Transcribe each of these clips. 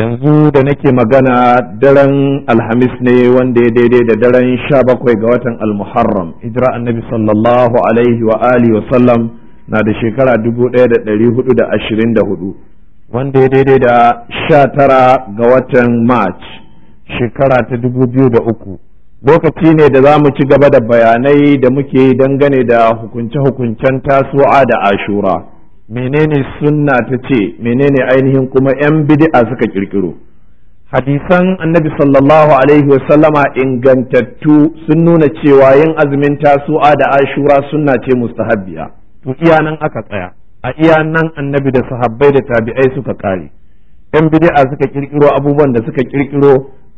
yanzu da nake magana daren alhamis ne wanda ya daidai da daren sha bakwai ga watan almuharram hijira annabi sallallahu alaihi wa alihi wa sallam na da shekara dubu ɗaya da ɗari hudu da ashirin da hudu wanda ya daidai da sha tara ga watan march shekara ta dubu biyu da uku lokaci ne da za mu ci gaba da bayanai da muke dangane da hukunce-hukuncen tasowa da ashura menene sunna ta ce menene ainihin kuma yan bid'a suka kirkiro hadisan annabi sallallahu alaihi wasallama ingantattu sun nuna cewa yin azumin tasu'a da ashura sunna ce mustahabbiya to iya nan aka tsaya a iya nan annabi da sahabbai da tabi'ai suka kare yan bid'a suka kirkiro abubuwan da suka kirkiro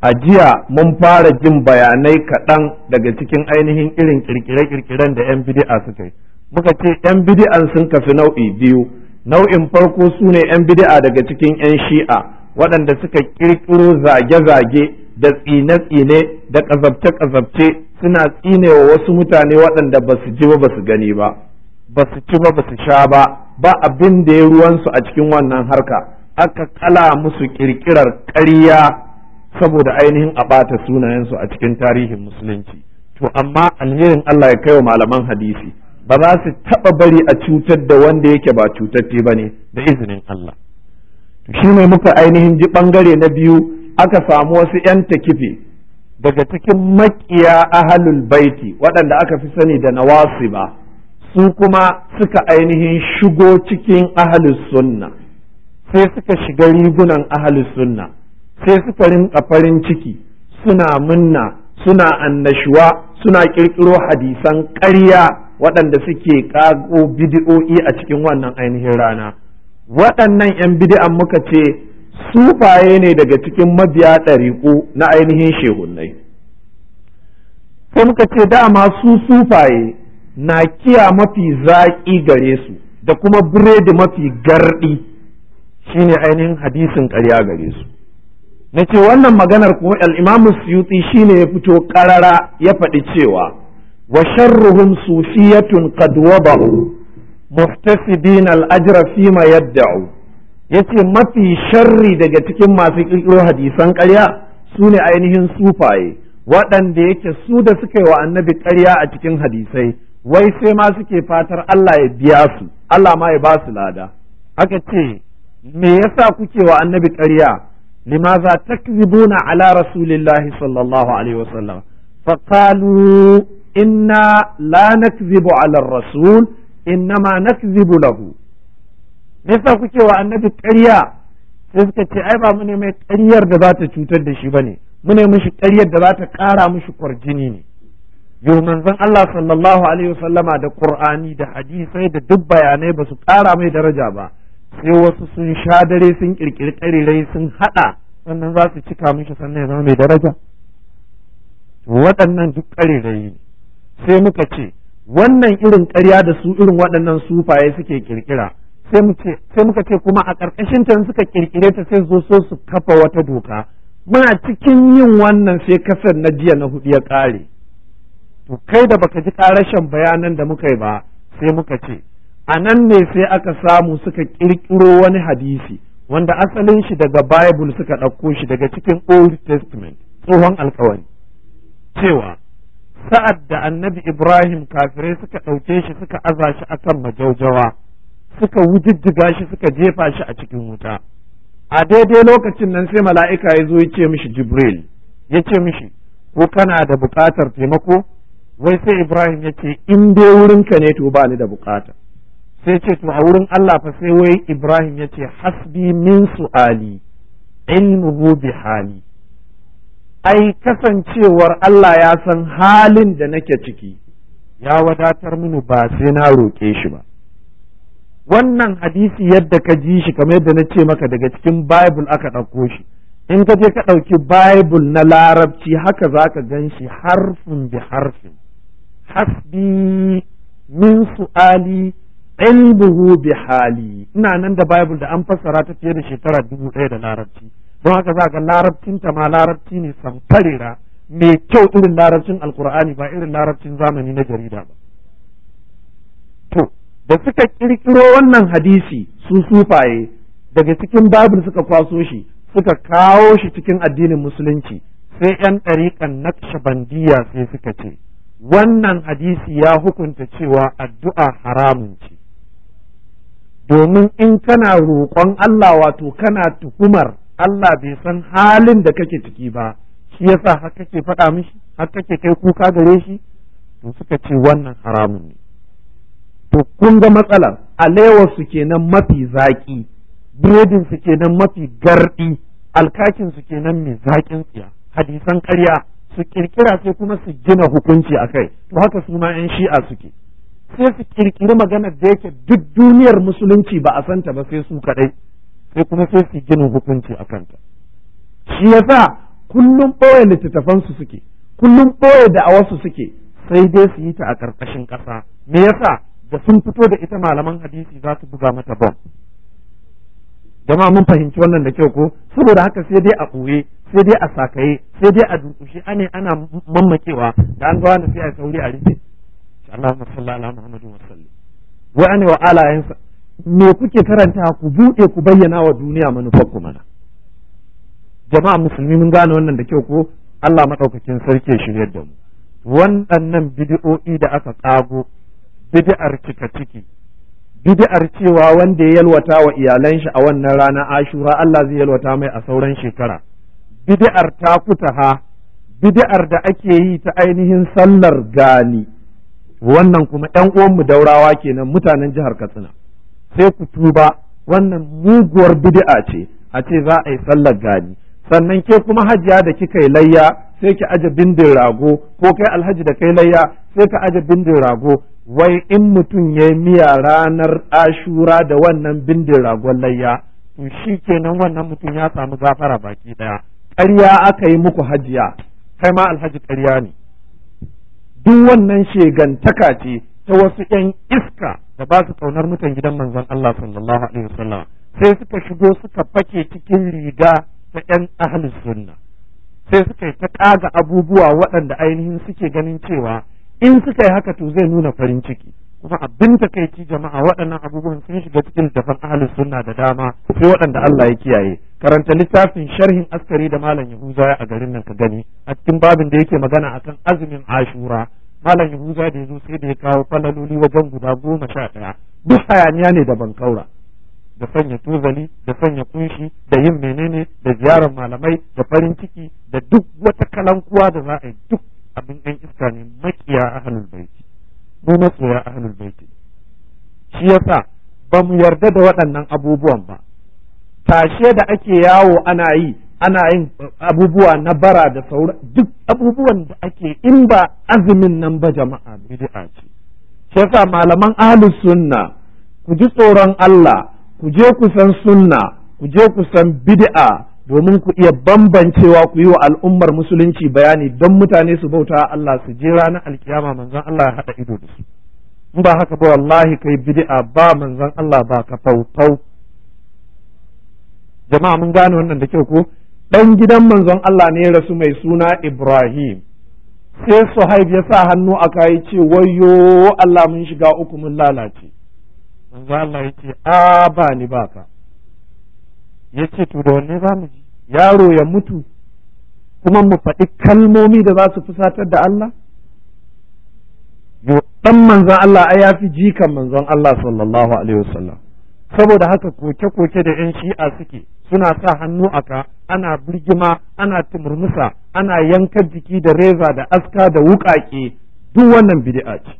a jiya mun fara jin bayanai kaɗan daga cikin ainihin irin kirkire-kirkiren da yan bid'a suka yi muka ce yan bidi'an sun kafi nau'i biyu nau'in farko su ne yan bid'a daga cikin yan shi'a waɗanda suka ƙirƙiro zage-zage da tsine-tsine da ƙazabce-ƙazabce suna tsine wa wasu mutane waɗanda ba su ji ba ba su gani ba ba su ci ba ba su sha ba ba abin da ya ruwansu a cikin wannan harka aka kala musu ƙirƙirar ƙarya saboda ainihin a ɓata sunayensu a cikin tarihin musulunci to amma alherin Allah ya kai wa malaman hadisi ba za su taɓa bari a cutar da wanda yake ba cutatti ba ne da izinin Allah shi ne muka ainihin ji ɓangare na biyu aka samu wasu 'yan takife daga cikin makiya ahalul baiti waɗanda aka fi sani da nawasi ba su kuma suka ainihin shigo cikin ahalus sunna sai suka shiga rigunan ahalus sunna sai suka rinka farin ciki suna munna suna annashuwa suna ƙirƙiro hadisan ƙarya waɗanda suke ƙago bidi'o'i a cikin wannan ainihin rana waɗannan 'yan bidi'an muka ce sufaye ne daga cikin mabiya ɗariƙu na ainihin shehunnai sai muka ce dama su sufaye na kiya mafi zaƙi gare su da kuma biredi mafi garɗi shine ainihin hadisin ƙarya gare su na ce wannan maganar kuma al'imamu suyuti shine ya fito ƙarara ya faɗi cewa وشرهم صوفية قد وضعوا محتسبين الأجر فيما يدعوا yace mafi sharri daga cikin masu ƙirƙiro hadisan ƙarya su ne ainihin sufaye waɗanda yake su da suka yi wa annabi ƙarya a cikin hadisai wai sai ma suke fatar Allah ya biya su Allah ma ya basu lada aka ce me yasa kuke wa annabi ƙarya limaza takzibuna ala rasulillahi sallallahu alaihi wasallam faqalu inna la nakzibu ala rasul innama nakzibu lahu me yasa kuke wa annabi ƙarya sai suka ce ai ba mu ne mai ƙaryar da za ta cutar da shi bane mu ne mishi ƙaryar da za ta ƙara mishi kwarjini ne yau manzon Allah sallallahu alaihi wasallama da Qur'ani da hadisai da duk bayanai ba su ƙara mai daraja ba sai wasu sun sha dare sun kirkiri ƙarirai sun haɗa sannan za su cika mishi sannan ya zama mai daraja waɗannan duk ƙarirai ne sai muka ce wannan irin ƙarya da su irin waɗannan sufaye suke ƙirƙira sai muka ce kuma a ƙarƙashin ta suka kirkire ta sai zo so su kafa wata doka muna cikin yin wannan sai kasar na jiya na hudu ya ƙare to kai da baka ji ƙarashen bayanan da muka yi ba sai muka ce a nan ne sai aka samu suka ƙirƙiro wani hadisi wanda asalin shi daga Bible suka ɗauko shi daga cikin Old Testament tsohon alkawari cewa sa'ad da annabi ibrahim kafirai suka ɗauke shi suka aza shi a kan majaujawa suka wujijjiga shi suka jefa shi a cikin wuta a daidai lokacin nan sai mala'ika ya zo ya ce mishi jibril ya ce mishi ko kana da buƙatar taimako wai sai ibrahim ya ce in dai wurinka ne to ba ni da buƙata sai ce to a wurin allah fa sai wai ibrahim ya ce hasbi min su'ali ilmuhu bi hali ai kasancewar Allah ya san halin da nake ciki ya wadatar mini ba sai na roƙe shi ba wannan hadisi yadda ka ji shi kamar yadda na ce maka daga cikin bible aka ɗauko shi in ka je ka ɗauki bible na larabci haka za ka gan shi harfin bi harfin hasbi min su'ali ilmuhu bi hali ina nan da bible da an fassara ta fiye da shekara dubu ɗaya da larabci don haka za ga larabcinta ma larabci ne samfarera mai kyau irin larabcin alkur'ani ba irin larabcin zamani na jarida ba to da suka kirkiro wannan hadisi su sufaye daga cikin babul suka kwaso shi suka kawo shi cikin addinin musulunci sai 'yan ɗariƙan naqshbandiya sai suka ce wannan hadisi ya hukunta cewa addu'a haramun ce domin in kana roƙon Allah wato kana tuhumar Allah bai san halin da kake ciki ba shi yasa har kake faɗa mishi har kake kai kuka gare shi to suka ce wannan haramun ne to kun ga matsalar alewar su kenan mafi zaki biredin su kenan mafi garɗi, alkakin su kenan mai zaƙin tsiya hadisan ƙarya su kirkira sai kuma su gina hukunci a kai to haka su ma yan shi'a suke sai su kirkiri maganar da yake duk duniyar musulunci ba a santa ba sai su kaɗai sai kuma sai su ginin hukunci a kanta shi ya sa kullum ɓoye littattafansu suke kullum ɓoye da awarsu suke sai dai su yi ta a ƙarƙashin ƙasa me yasa da sun fito da ita malaman hadisi za su buga mata bom jama'a mun fahimci wannan da kyau ko saboda haka sai dai a ɓoye sai dai a sakaye sai dai a dukushe ane ana mammakewa da an ga wani sai a sauri a rufe Allah ala alaihi wa sallam wa ana wa alayensa me kuke karanta ku buɗe ku bayyana wa duniya manufar ku mana jama'a musulmi mun gane wannan da kyau ko Allah madaukakin sarki ya shiryar da mu nan bid'o'i da aka kago bid'ar cika ciki bid'ar cewa wanda ya yalwata wa iyalan shi a wannan rana Ashura Allah zai yalwata mai a sauran shekara bid'ar takutaha bid'ar da ake yi ta ainihin sallar gani wannan kuma ɗan uwanmu daurawa kenan mutanen jihar Katsina sai ku tuba wannan muguwar bid'a ce a ce za a yi sallar gani sannan ke kuma hajiya da kika yi layya sai ki aje bindin rago ko kai alhaji da kai layya sai ka aje bindin rago wai in mutum ya miya ranar ashura da wannan bindin ragon layya to shi kenan wannan mutum ya samu zafara baki daya ƙarya aka yi muku hajiya kai ma alhaji ƙarya ne duk wannan shegantaka ce ta wasu 'yan iska da ba su kaunar mutan gidan manzon Allah sallallahu alaihi wasallam sai suka shigo suka fake cikin riga ta ɗan ahlus sunna sai suka yi ta kaga abubuwa waɗanda ainihin suke ganin cewa in suka yi haka to zai nuna farin ciki kuma abin da kai ci jama'a waɗannan abubuwan sun shiga cikin dafan ahlus sunna da dama sai waɗanda Allah ya kiyaye karanta littafin sharhin askari da malam Yahuza a garin nan ka gani a cikin babin da yake magana akan azumin Ashura malam yahuza da yanzu sai da ya kawo falaloli wajen guda goma sha ɗaya duk hayaniya ne da bankaura da sanya tuzali da sanya kunshi da yin menene da ziyarar malamai da farin ciki da duk wata kalankuwa da za a yi duk abin ɗan iska ne makiya ahlul baiti mu makiya halin baiti shi yasa ba mu yarda da waɗannan abubuwan ba tashe da ake yawo ana yi ana yin abubuwa na bara da saura duk abubuwan da ake in ba azumin nan ba jama'a bid'a ce shi yasa malaman ahlus sunna ku ji tsoron Allah ku je ku san sunna ku je ku san bid'a domin ku iya bambancewa ku yi wa al'ummar musulunci bayani don mutane su bauta Allah su je ranar alkiyama manzon Allah ya haɗa ido da su in ba haka ba wallahi kai bid'a ba manzon Allah ba ka fau-fau. jama'a mun gane wannan da kyau ko ɗan gidan manzon Allah ne ya rasu mai suna Ibrahim sai Suhaib ya sa hannu a kayi ce wayo Allah mun shiga uku mun lalace manzon Allah ya ce a ba ni ba ka ya ce to da wanne za mu ji yaro ya mutu kuma mu faɗi kalmomi da za su fusatar da Allah yo dan manzon Allah ai fi jikan manzon Allah sallallahu alaihi wasallam saboda haka koke-koke da 'yan shi'a suke suna sa hannu a ka ana birgima ana tumurmusa ana yankan jiki da reza da aska da wuƙaƙe duk wannan bid'a ce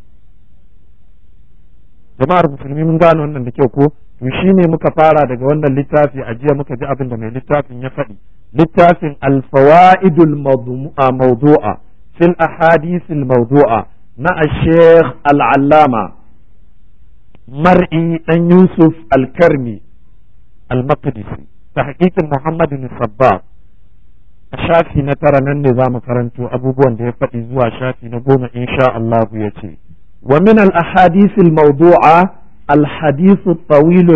jama'ar musulmi mun gane wannan da kyau ko to shine muka fara daga wannan littafi a jiya muka ji abin da mai littafin ya faɗi littafin al-fawaidul mawdu'a fil ahadith mawdua na al-sheikh al-allama mar'i dan yusuf al-karmi al-maqdisi da tahqiqin Muhammad bin Sabbah a shafi na tara nan ne za mu karanto abubuwan da ya faɗi zuwa shafi na goma insha Allah ya ce wa min al ahadith al mawdu'a al hadith al tawil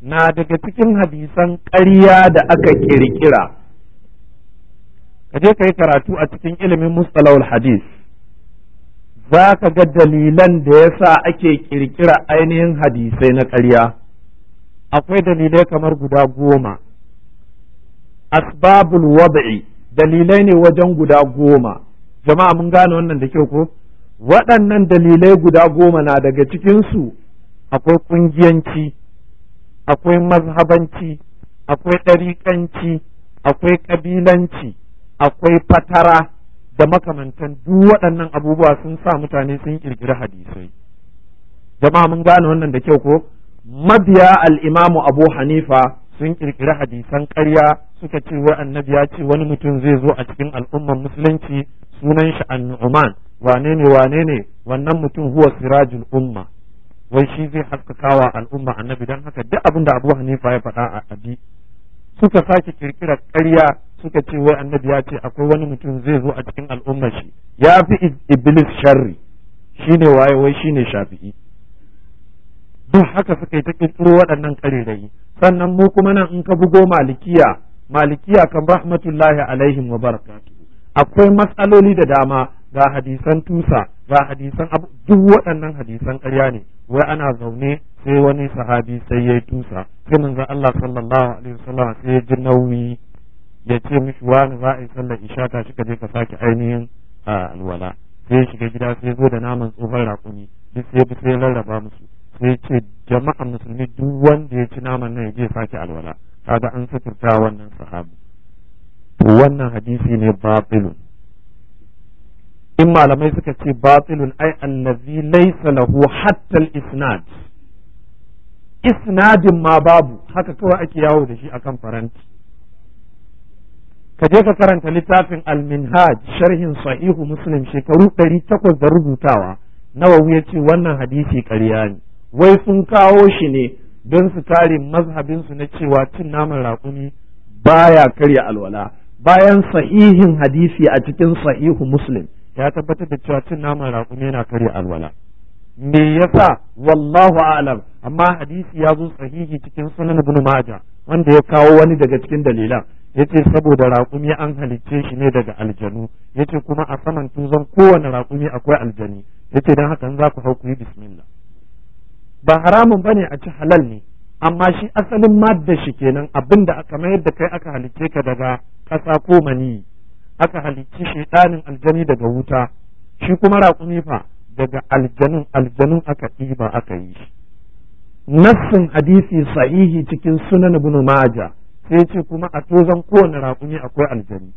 na daga cikin hadisan ƙarya da aka ƙirƙira. ka je ka yi karatu a cikin ilimin mustalahul hadith za ka ga dalilan da ya sa ake ƙirƙira ainihin hadisai na ƙarya akwai dalilai kamar guda goma asbabul wad'i dalilai ne wajen guda goma jama'a mun gane wannan da kyau ko waɗannan dalilai guda goma na daga cikinsu akwai ƙungiyanci akwai mazhabanci akwai ɗariƙanci akwai ƙabilanci akwai fatara da makamantan duk waɗannan abubuwa sun sa mutane sun ƙirƙiri hadisai jama'a mun gane wannan da kyau ko mabiya al'imamu abu hanifa sun kirkiri hadisan ƙarya suka ce wai annabi ya ce wani mutum zai zo a cikin al'ummar musulunci sunan shi nu'uman wane ne wane ne wannan mutum huwa sirajin umma wai shi zai haskakawa al'umma annabi don haka duk abin da abu hanifa ya faɗa a abi suka sake ƙirƙira ƙarya suka ce wai annabi ya ce akwai wani mutum zai zo a cikin al'ummar shi ya fi iblis sharri shine waye wai shine shafi'i duk haka suka yi ta kirkiro waɗannan ƙarerayi sannan mu kuma nan in ka bugo malikiya malikiya kan rahmatullahi alaihim wa barakatu akwai matsaloli da dama ga hadisan tusa ga hadisan abu duk waɗannan hadisan ƙarya ne wai ana zaune sai wani sahabi sai ya tusa sai manzo Allah sallallahu alaihi wasallam sai ya ji nauyi ya ce mishi wani za a yi sallar isha ta shi ka je ka sake ainihin ah, alwala sai ya shiga gida sai ya zo da naman tsohon raƙumi duk sai bi sai ya rarraba musu sai ce jama'a musulmi duk wanda ya ci naman nan ya je sake alwala kaga an suturta wannan sahabi to wannan hadisi ne batilun in malamai suka ce babilun ai allazi laysa lahu hatta al-isnad isnadin ma babu haka kawai ake yawo da shi akan faranti ka je ka karanta littafin al-minhaj sharhin sahihu muslim shekaru 800 da rubutawa nawawi ya ce wannan hadisi ƙarya ne wai sun kawo shi ne don su tare mazhabinsu na cewa cin naman raƙumi baya karya alwala bayan sahihin hadisi a cikin sahihu muslim ya tabbatar da cewa cin naman raƙumi yana karya alwala me yasa wallahu a'lam amma hadisi ya zo sahihi cikin sunan ibn maja wanda ya kawo wani daga cikin dalilan yace saboda raƙumi an halicce shi ne daga aljanu yace kuma a saman tuzon kowane raƙumi akwai aljani yace dan haka za ku hau ku yi bismillah ba haramun bane a ci halal ne amma shi asalin madda shi kenan abinda aka mayar da kai aka halicce ka daga kasa ko mani aka halicci shaidanin aljani daga wuta shi kuma raƙumi fa daga aljanin aljanin aka ɗiba aka yi nassin hadisi sahihi cikin sunan ibn maja sai ce kuma a tozan kowane raƙumi akwai aljani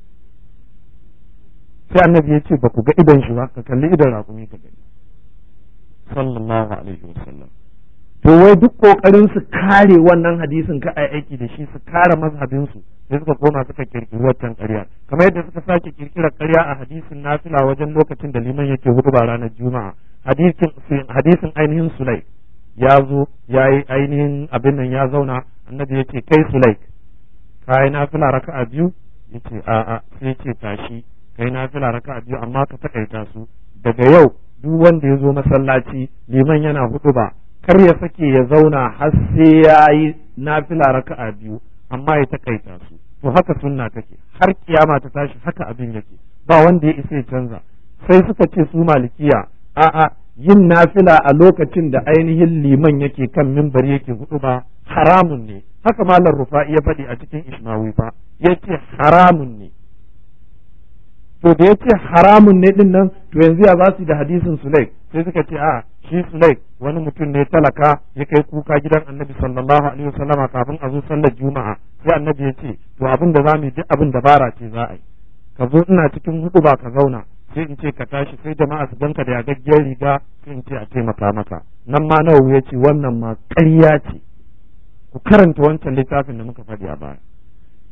sai annabi ya ce ba ku ga idon shi ba ka kalli idon raƙumi ka gani sallallahu alaihi wasallam to wai duk kokarin su kare wannan hadisin ka a aiki da shi su kare mazhabin su sai suka koma suka kirkiri wancan ƙarya kamar yadda suka sake kirkirar ƙarya a hadisin nafila wajen lokacin da liman yake hukuba ranar juma'a hadisin hadisin ainihin sulai ya zo ya yi ainihin abin nan ya zauna annabi yake kai sulai kai nafila raka'a biyu yace a'a sai yace tashi kai nafila raka'a biyu amma ka takaita su daga yau duk wanda ya zo masallaci liman yana hudu kar ya sake ya zauna har sai ya yi nafila raka'a biyu amma ya takaita su to haka sunna take har kiyama ta tashi haka abin yake ba wanda ya isa ya canza sai suka ce su malikiya a'a yin nafila a lokacin da ainihin liman yake kan mimbari yake hudu ba haramun ne haka malar rufa'i ya faɗi a cikin ismawi ba ya ce haramun ne to da ya ce haramun ne din nan to yanzu ya za su da hadisin sulek sai suka ce a ah, shi sulek wani mutum ne talaka ya kai kuka gidan annabi sallallahu alaihi wasallama kafin a zo sallar juma'a sai annabi ya ce to abin da za mu yi duk abin dabara ce za a yi ka zo ina cikin hudu ba ka zauna sai in ce ka tashi sai jama'a su danka da yagaggiyar riga sai in ce a taimaka maka nan ma nawa ya ce wannan ma ƙarya ce ku karanta wancan littafin da muka faɗi a baya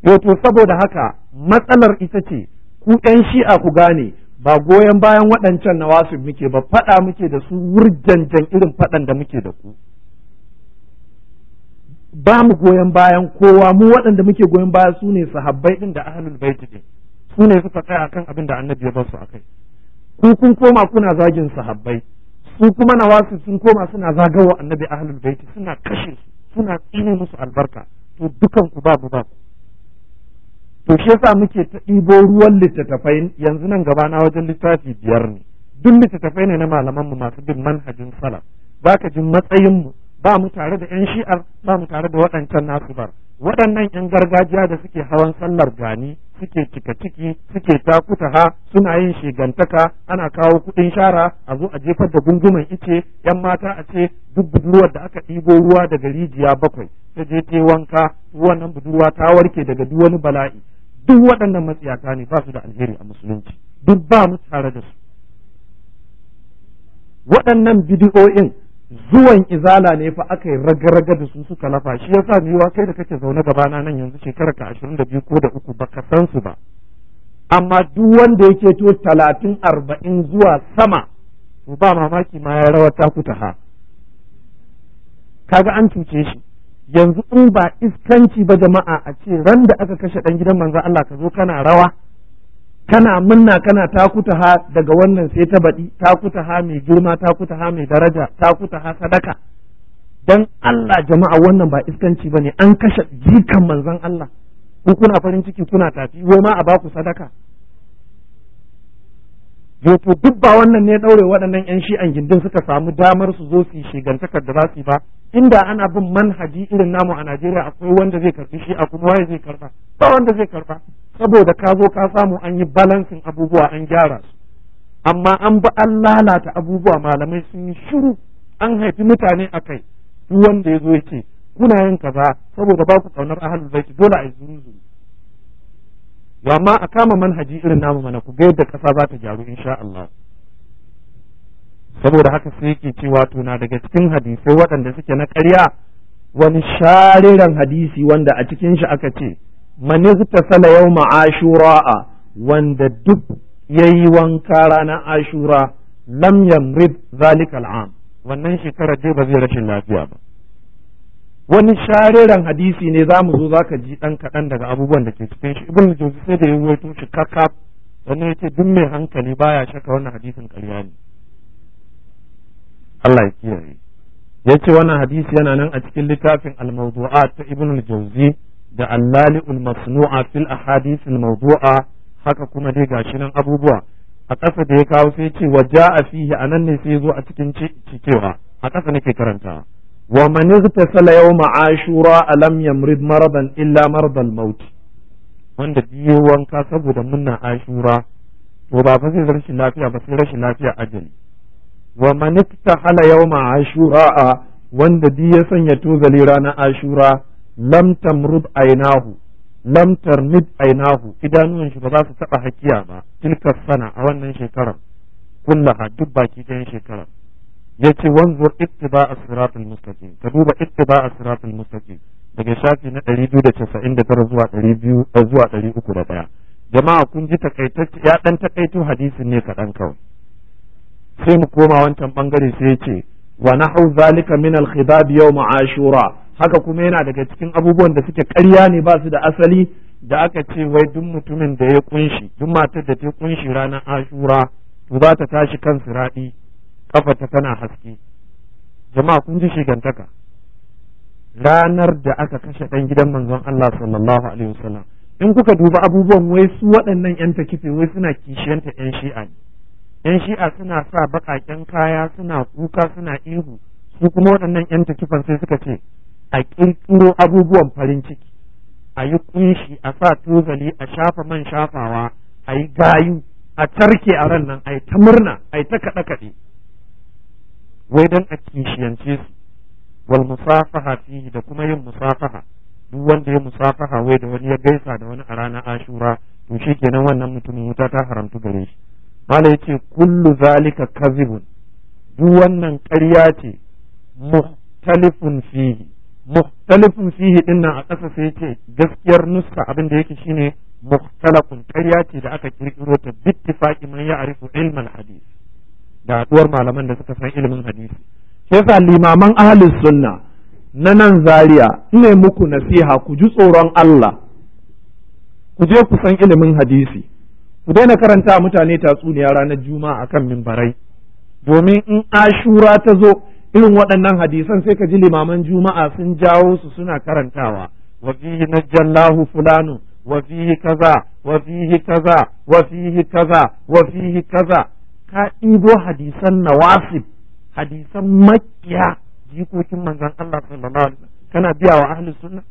yau eh, to saboda haka matsalar ita ce ku ɗan shi'a ku gane ba goyon bayan waɗancan na wasu muke ba faɗa muke da su wurjanjan irin faɗan da muke da ku ba mu goyon bayan kowa mu waɗanda muke goyon baya su ne sahabbai ɗin da ahlul baiti ɗin su ne suka tsaya akan abin da annabi ya basu akai ku kun koma kuna zagin sahabbai su kuma na wasu sun koma suna zagawa annabi ahlul baiti suna kashe su suna tsine musu albarka to dukan ku ba ku to shi yasa muke ta ɗibo ruwan littattafai yanzu nan gaba na wajen littafi biyar ne duk littattafai ne na malaman mu masu bin manhajin salaf ba ka jin matsayin mu ba mu tare da yan shi'ar ba mu tare da waɗancan nasu bar waɗannan yan gargajiya da suke hawan sallar gani suke cika ciki suke takuta ha suna yin shigantaka ana kawo kuɗin shara a zo a jefar da gunguman ice yan mata a ce duk budurwar da aka ɗibo ruwa daga rijiya bakwai ta je ta wanka wannan budurwa ta warke daga duk wani bala'i duk waɗannan matsiyaka ne ba su da alheri a musulunci duk ba mu tare da su waɗannan bidiyo'in zuwan izala ne fa aka yi raga-raga da su suka lafa shi ya sa yiwa kai da kake zaune gabana nan yanzu shekarar ka ashirin da biyu ko da uku ba ka san su ba amma duk wanda yake to talatin arba'in zuwa sama to ba mamaki ma ya rawar takuta ha kaga an cuce shi yanzu in ba iskanci ba jama'a a ce ran da aka kashe dan gidan manzo Allah ka zo kana rawa kana munna kana takuta ha daga wannan sai ta baɗi takuta ha mai girma takuta ha mai daraja takuta ha sadaka dan Allah jama'a wannan ba iskanci ne an kashe jikan manzon Allah ku kuna farin ciki kuna tafi wai ma a baku sadaka yoto duk ba wannan ne ɗaure waɗannan 'yan shi'an gindin suka samu damar su zo su yi shigantakar da za su yi ba inda ana bin manhaji irin namu a Najeriya akwai wanda zai karbi shi a kuma waye zai karba ba wanda zai karba saboda ka zo ka samu an yi balansin abubuwa an gyara su amma an bi an lalata abubuwa malamai sun yi shiru an haifi mutane a kai duk wanda ya zo ya ce kuna yin kaza saboda ba ku halin zai baiti dole a yi zuru wa ma a kama manhaji irin namu mana ku ga yadda kasa za ta gyaru insha Allah saboda haka sai yake cewa to na daga cikin hadisai waɗanda suke na ƙarya wani shariran hadisi wanda a cikin shi aka ce manista sala yau ashura wanda duk yayi wanka ranar ashura lam yamrid zalika al'am wannan shekarar dai ba zai rashin lafiya ba wani shariran hadisi ne za mu zo za ka ji ɗan kaɗan daga abubuwan da ke cikin shi ibn jauzi sai da ya wato shi kakaf wani ya ce duk mai hankali baya shaka wannan hadisin ƙarya ne Allah ya kiyaye ya ce wannan hadisi yana nan a cikin littafin al ta ibn jauzi da allali al-masnu'a fil ahadith al-mawdu'a haka kuma dai gashi nan abubuwa a ƙasa da ya kawo sai ce wa ja'a fihi anan ne sai zo a cikin cikewa a ƙasa nake karanta. wa man igtasala yawma ashura alam yamrid maradan illa maradal maut wanda biyo wanka saboda munna ashura to ba fa zai rashin lafiya ba sai rashin lafiya ajali wa man igtahala yawma ashura wanda bi ya sanya tozali ranar ashura lam tamrud ainahu lam tarmid ainahu idanuwan shi ba za su taba hakiya ba tilka sana a wannan shekarar kullaha duk baki ɗayan shekarar yace wanzur ittiba as mustaqim ka duba ittiba as mustaqim daga shafi na 299 zuwa 200 zuwa 301 jama'a kun ji takaitacce ya dan takaito hadisin ne kaɗan kawai sai mu koma wancan bangare sai yace wa nahu zalika min al yawm ashura haka kuma yana daga cikin abubuwan da suke ƙarya ne ba su da asali da aka ce wai duk mutumin da ya kunshi duk matar da ta kunshi ranar ashura to za ta tashi kan siradi ta tana haske jama'a kun ji shigantaka ranar da aka kashe ɗan gidan manzon Allah sallallahu alaihi wasallam in kuka duba abubuwan wai su waɗannan yan takife wai suna kishiyanta yan shi'a yan shi'a suna sa baƙaƙen kaya suna kuka suna ihu su kuma waɗannan yan takifan sai suka ce a ƙirƙiro abubuwan farin ciki a yi ƙunshi a sa tozali a shafa man shafawa a yi gayu a tarke a ran nan a yi ta murna a yi ta kaɗe-kaɗe wai dan a kishiyance su wal musafaha fihi da kuma yin musafaha duk wanda ya musafaha wai da wani ya gaisa da wani a ranar ashura to shikenan wannan mutumin wuta ta haramtu gare shi malai yace kullu zalika kazibun duk wannan ƙarya ce muhtalifun fihi muhtalifun fihi din nan a ƙasa sai yace gaskiyar nuska abin da yake shine muhtalafun ƙarya ce da aka kirkiro ta bittifaqi man ya'rifu ilmal hadith da haɗuwar malaman da suka san ilimin hadisi yasa limaman ahlus sunna na nan zaria ne muku nasiha ku ji tsoron Allah ku je ku san ilimin hadisi ku daina karanta mutane tatsuniya ranar juma'a kan mimbarai domin in ashura ta zo irin waɗannan hadisan sai ka ji limaman juma'a sun jawo su suna karantawa wa fihi najjallahu fulanu wa fihi kaza wa fihi kaza wa fihi kaza wa fihi kaza ka ɗibo hadisan nawasib hadisan makiya jikokin manzon Allah sallallahu alaihi wasallam kana biya wa ahlus sunna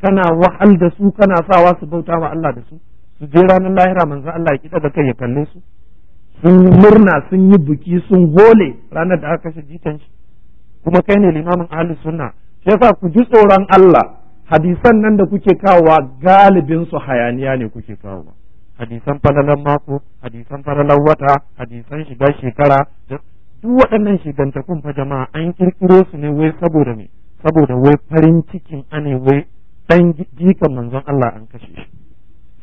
kana wahal da su kana sawa su bauta wa Allah da su su je ranar lahira manzan Allah ya kida da kai ya kalle su sun murna sun yi buki sun gole ranar da aka kashe jikan shi kuma kai ne limamin ahlus sunna shi yasa ku ji tsoron Allah hadisan nan da kuke kawowa galibin su hayaniya ne kuke kawowa hadisan falalan mako hadisan falalan wata hadisan shiga shekara duk waɗannan shigantakun fa jama'a an kirkiro su ne wai saboda me saboda wai farin cikin ane wai dan jikan manzon Allah an kashe shi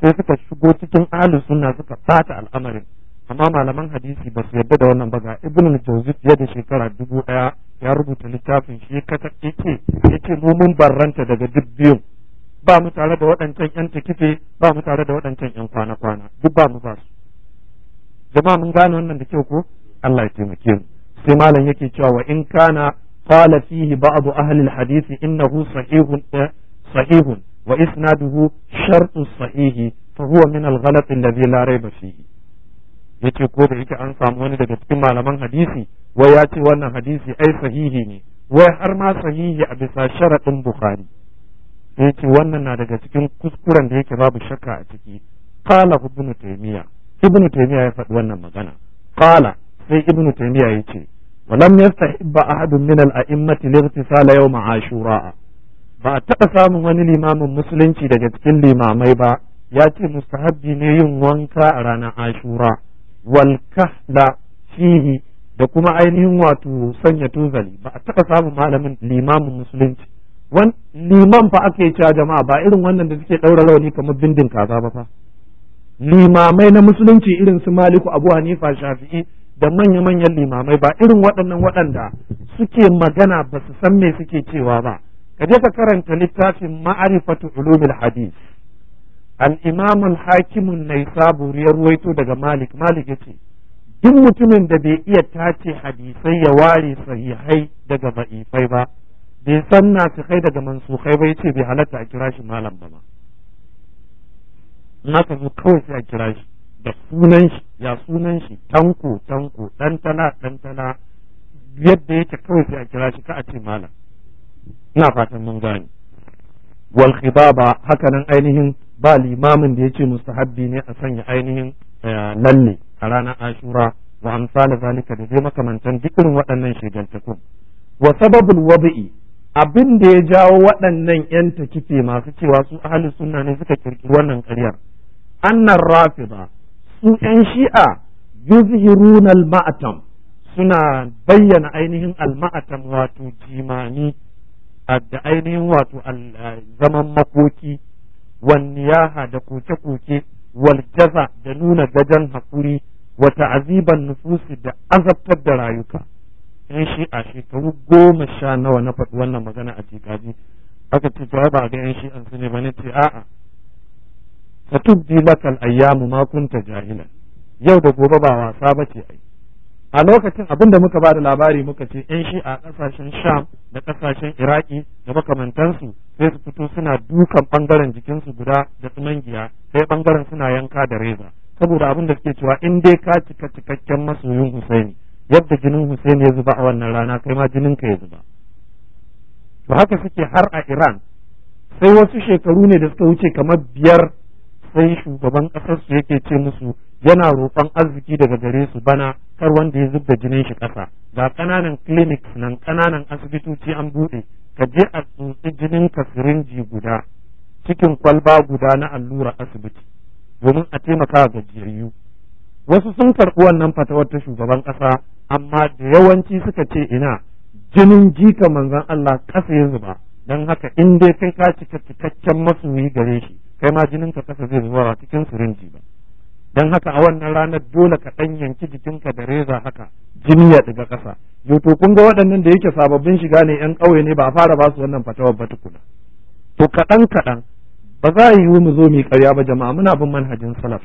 sai suka shigo cikin ahlus sunna suka fata al'amarin amma malaman hadisi ba su yadda da wannan ba ga ibn jawzi fiye da shekara dubu ɗaya ya rubuta littafin shi kata yake yake mu mun barranta daga duk biyun ba mu tare da waɗancan yan tikife ba mu tare da waɗancan yan kwana kwana duk ba mu ba su jama'a mun gane wannan da kyau ko Allah ya taimake mu sai malam yake cewa wa in kana qala fihi ba'd ahli al-hadith innahu sahihun eh, sahihun wa isnaduhu shartu sahihi fa huwa min al-ghalat alladhi la rayba fihi yace ko da yake an samu wani daga cikin malaman hadisi wai ya ce wannan hadisi ai sahihi ne wai har ma sahihi a bisa sharadin bukhari yake wannan na daga cikin kuskuren da yake babu shakka a ciki qala ibnu taymiya ibnu taymiya ya faɗi wannan magana qala sai ibnu taymiya walam yastahib ahad min al-a'immati الاغتسال yawm ashura ba a taɓa samun wani limamin musulunci daga cikin limamai ba ya ce mustahabbi ne yin wanka a ranar ashura wal kahla fihi da kuma ainihin wato sanya tuzali ba a taɓa samun malamin limamin musulunci wan liman fa ake cewa jama'a ba irin wannan da suke daura rawani kamar bindin kaza ba fa limamai na musulunci irin su maliku abu hanifa shafi'i da manya-manyan limamai ba irin waɗannan waɗanda suke magana ba su san me suke cewa ba ka je ka karanta littafin ma'arifatu ulumil hadis al-imam al-hakim an ya ruwaito daga malik malik yace duk mutumin da bai iya tace hadisai ya ware sahihai daga ba'ifai ba bai san na kai daga mansukai ba ce bai halatta a kira shi malam ba ma na kawai sai a kira shi da sunan shi ya sunan shi tanko tanko dantana dantana yadda yake kawai sai a kira shi ka a ce malam ina fatan mun gane wal khibaba hakanan ainihin ba limamin da yake mustahabbi ne a sanya ainihin eh, lalle a ranar ashura wa amsal zalika da dai makamantan dukkan waɗannan shegantakun wa sababul wadi'i abin da ya jawo waɗannan 'yan takife masu cewa su ahalin sunna ne suka kirkiri wannan ƙaryar annan rafida su 'yan shi'a yuzhirun al-ma'atam suna bayyana ainihin al-ma'atam wato jimani da ainihin wato zaman makoki wanniyaha da koke-koke waljaza da nuna gajan hakuri wa ta'aziban nufusi da azabtar da rayuka yan shi a shekaru goma sha nawa na faɗi wannan magana a jikaji aka ce ba a ga yan shi an su ne ba ce a'a tubbi lakal ayyamu makunta jahila yau da gobe ba wasa ba ce ai a lokacin abinda muka ba da labari muka ce yan shi a kasashen sham da ƙasashen iraki da makamantansu sai su fito suna dukan ɓangaren jikinsu guda da tsumangiya sai ɓangaren suna yanka da reza saboda abin da suke cewa in dai ka cika cikakken masoyin husaini yadda jinin Hussein ya zuba a wannan rana kai ma jinin ka ya zuba to haka suke har a Iran sai wasu shekaru ne da suka wuce kamar biyar sai shugaban ƙasar su yake ce musu yana roƙon arziki daga gare su bana kar wanda ya zuba jinin shi ƙasa ga kananan clinics nan ƙananan asibitoci an bude ka je a tsotsi jinin ka sirinji guda cikin kwalba guda na allura asibiti domin a taimaka ga gajiyayyu wasu sun karɓi wannan fatawar ta shugaban ƙasa amma da yawanci suka ce ina jinin jika manzan Allah kasa ya zuba don haka in dai kai ka cika cikakken masoyi gare shi kai ma jinin ka kasa zai zuba cikin sirinji ba don haka a wannan ranar dole ka ɗan yanki jikinka da reza haka jini ya ɗiga ƙasa to kun ga waɗannan da yake sababbin shiga ne yan ƙauye ne ba a fara ba su wannan fatawar ba tukuna to kaɗan kaɗan ba za a yiwu mu zo mu ƙarya ba jama'a muna bin manhajin salaf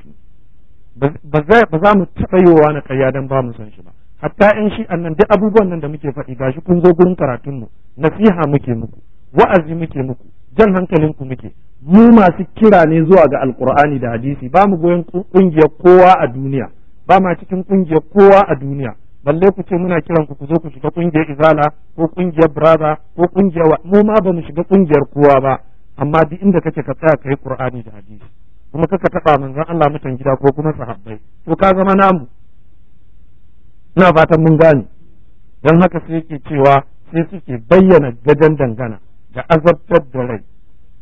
ba za mu taɓa yiwa na ƙarya don ba mu san shi ba hatta yan shi annan duk abubuwan nan da muke faɗi gashi kun zo gurin karatun mu nasiha muke muku wa'azi muke muku jan hankalin ku muke mu masu kira ne zuwa ga alqur'ani da hadisi ba mu goyon ƙungiyar kowa a duniya ba ma cikin ƙungiyar kowa a duniya balle ku ce muna kiran ku ku zo ku shiga kungiyar izala ko kungiyar Braza ko kungiyar mu ma ba mu shiga ƙungiyar kowa ba amma duk inda kake ka tsaya kai qur'ani da hadisi kuma kaka taba manzon Allah mutan gida ko kuma sahabbai to ka zama namu ina fatan mun gane don haka sai yake cewa sai suke bayyana gajen dangana da azabtar da rai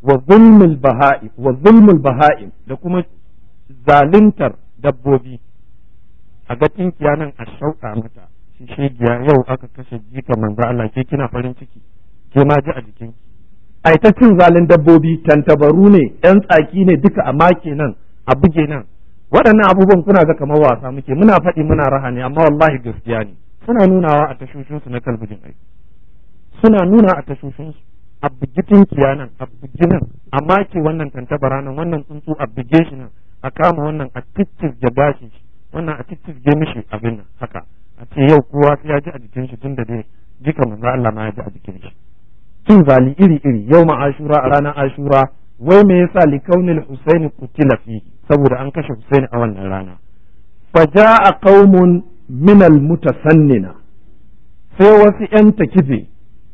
wa zulmul baha'i wa zulmul baha'i da kuma zaluntar dabbobi a ga tinkiya nan a shauka mata shi shegiya yau aka kashe jikan manzo Allah ke kina farin ciki ke ma ji a jikin ai ta cin zalin dabbobi tantabaru ne yan tsaki ne duka amma make nan a buge nan waɗannan abubuwan kuna ga kamar wasa muke muna faɗi muna raha ne amma wallahi gaskiya ne suna nunawa a tashoshinsu na talbijin ai suna nuna a tashoshinsu a bugitin kiyanan a buginan a maki wannan tantabara nan wannan tsuntsu a buge shi nan a kama wannan a tittir da bashi wannan a tittir da mishi abin nan haka a ce yau kowa ya ji a jikin shi tunda dai jika manzo Allah ma ya ji a jikin shi cin zali iri iri yau ma ashura a ranar ashura wai me yasa li kaunil husaini kutila fi saboda an kashe husaini a wannan rana faja qaumun min al mutasannina sai wasu yan takibe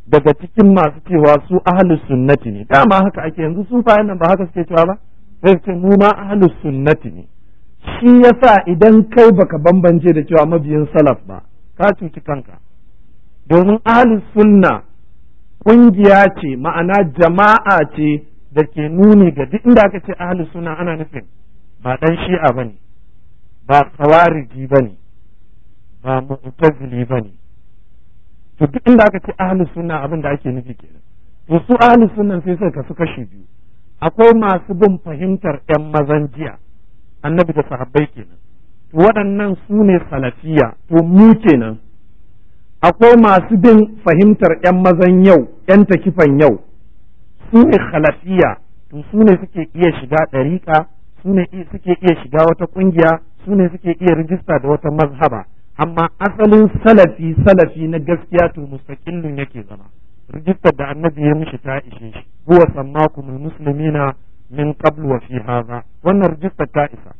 daga cikin masu cewa su ahlus sunnati ne dama haka ake yanzu su fa nan ba haka suke cewa ba sai su mu ma ahlus sunnati ne shi yasa idan kai baka bambance da cewa mabiyin salaf ba ka cuci kanka domin ahlus sunna kungiya ce ma'ana jama'a ce da ke nuni ga duk inda aka ce ahli suna ana nufin ba dan shi'a ne ba khawariji bane ba mu'tazili ne to duk inda aka ce ahli suna abin da ake nufi kenan to su ahli sunan sai suka su kashi biyu akwai masu bin fahimtar yan mazan jiya annabi da sahabbai kenan to waɗannan su ne salafiya to mu kenan akwai masu bin fahimtar yan mazan yau yan takifan yau su ne khalafiya to su ne suke iya shiga ɗariƙa su ne suke iya shiga wata ƙungiya su ne suke iya rijista da wata mazhaba amma asalin salafi salafi na gaskiya to mustaqillin yake zama rijistar da annabi ya mishi ta ishe shi huwa sammakumul muslimina min qabl wa fi hadha wannan rijistar ta isa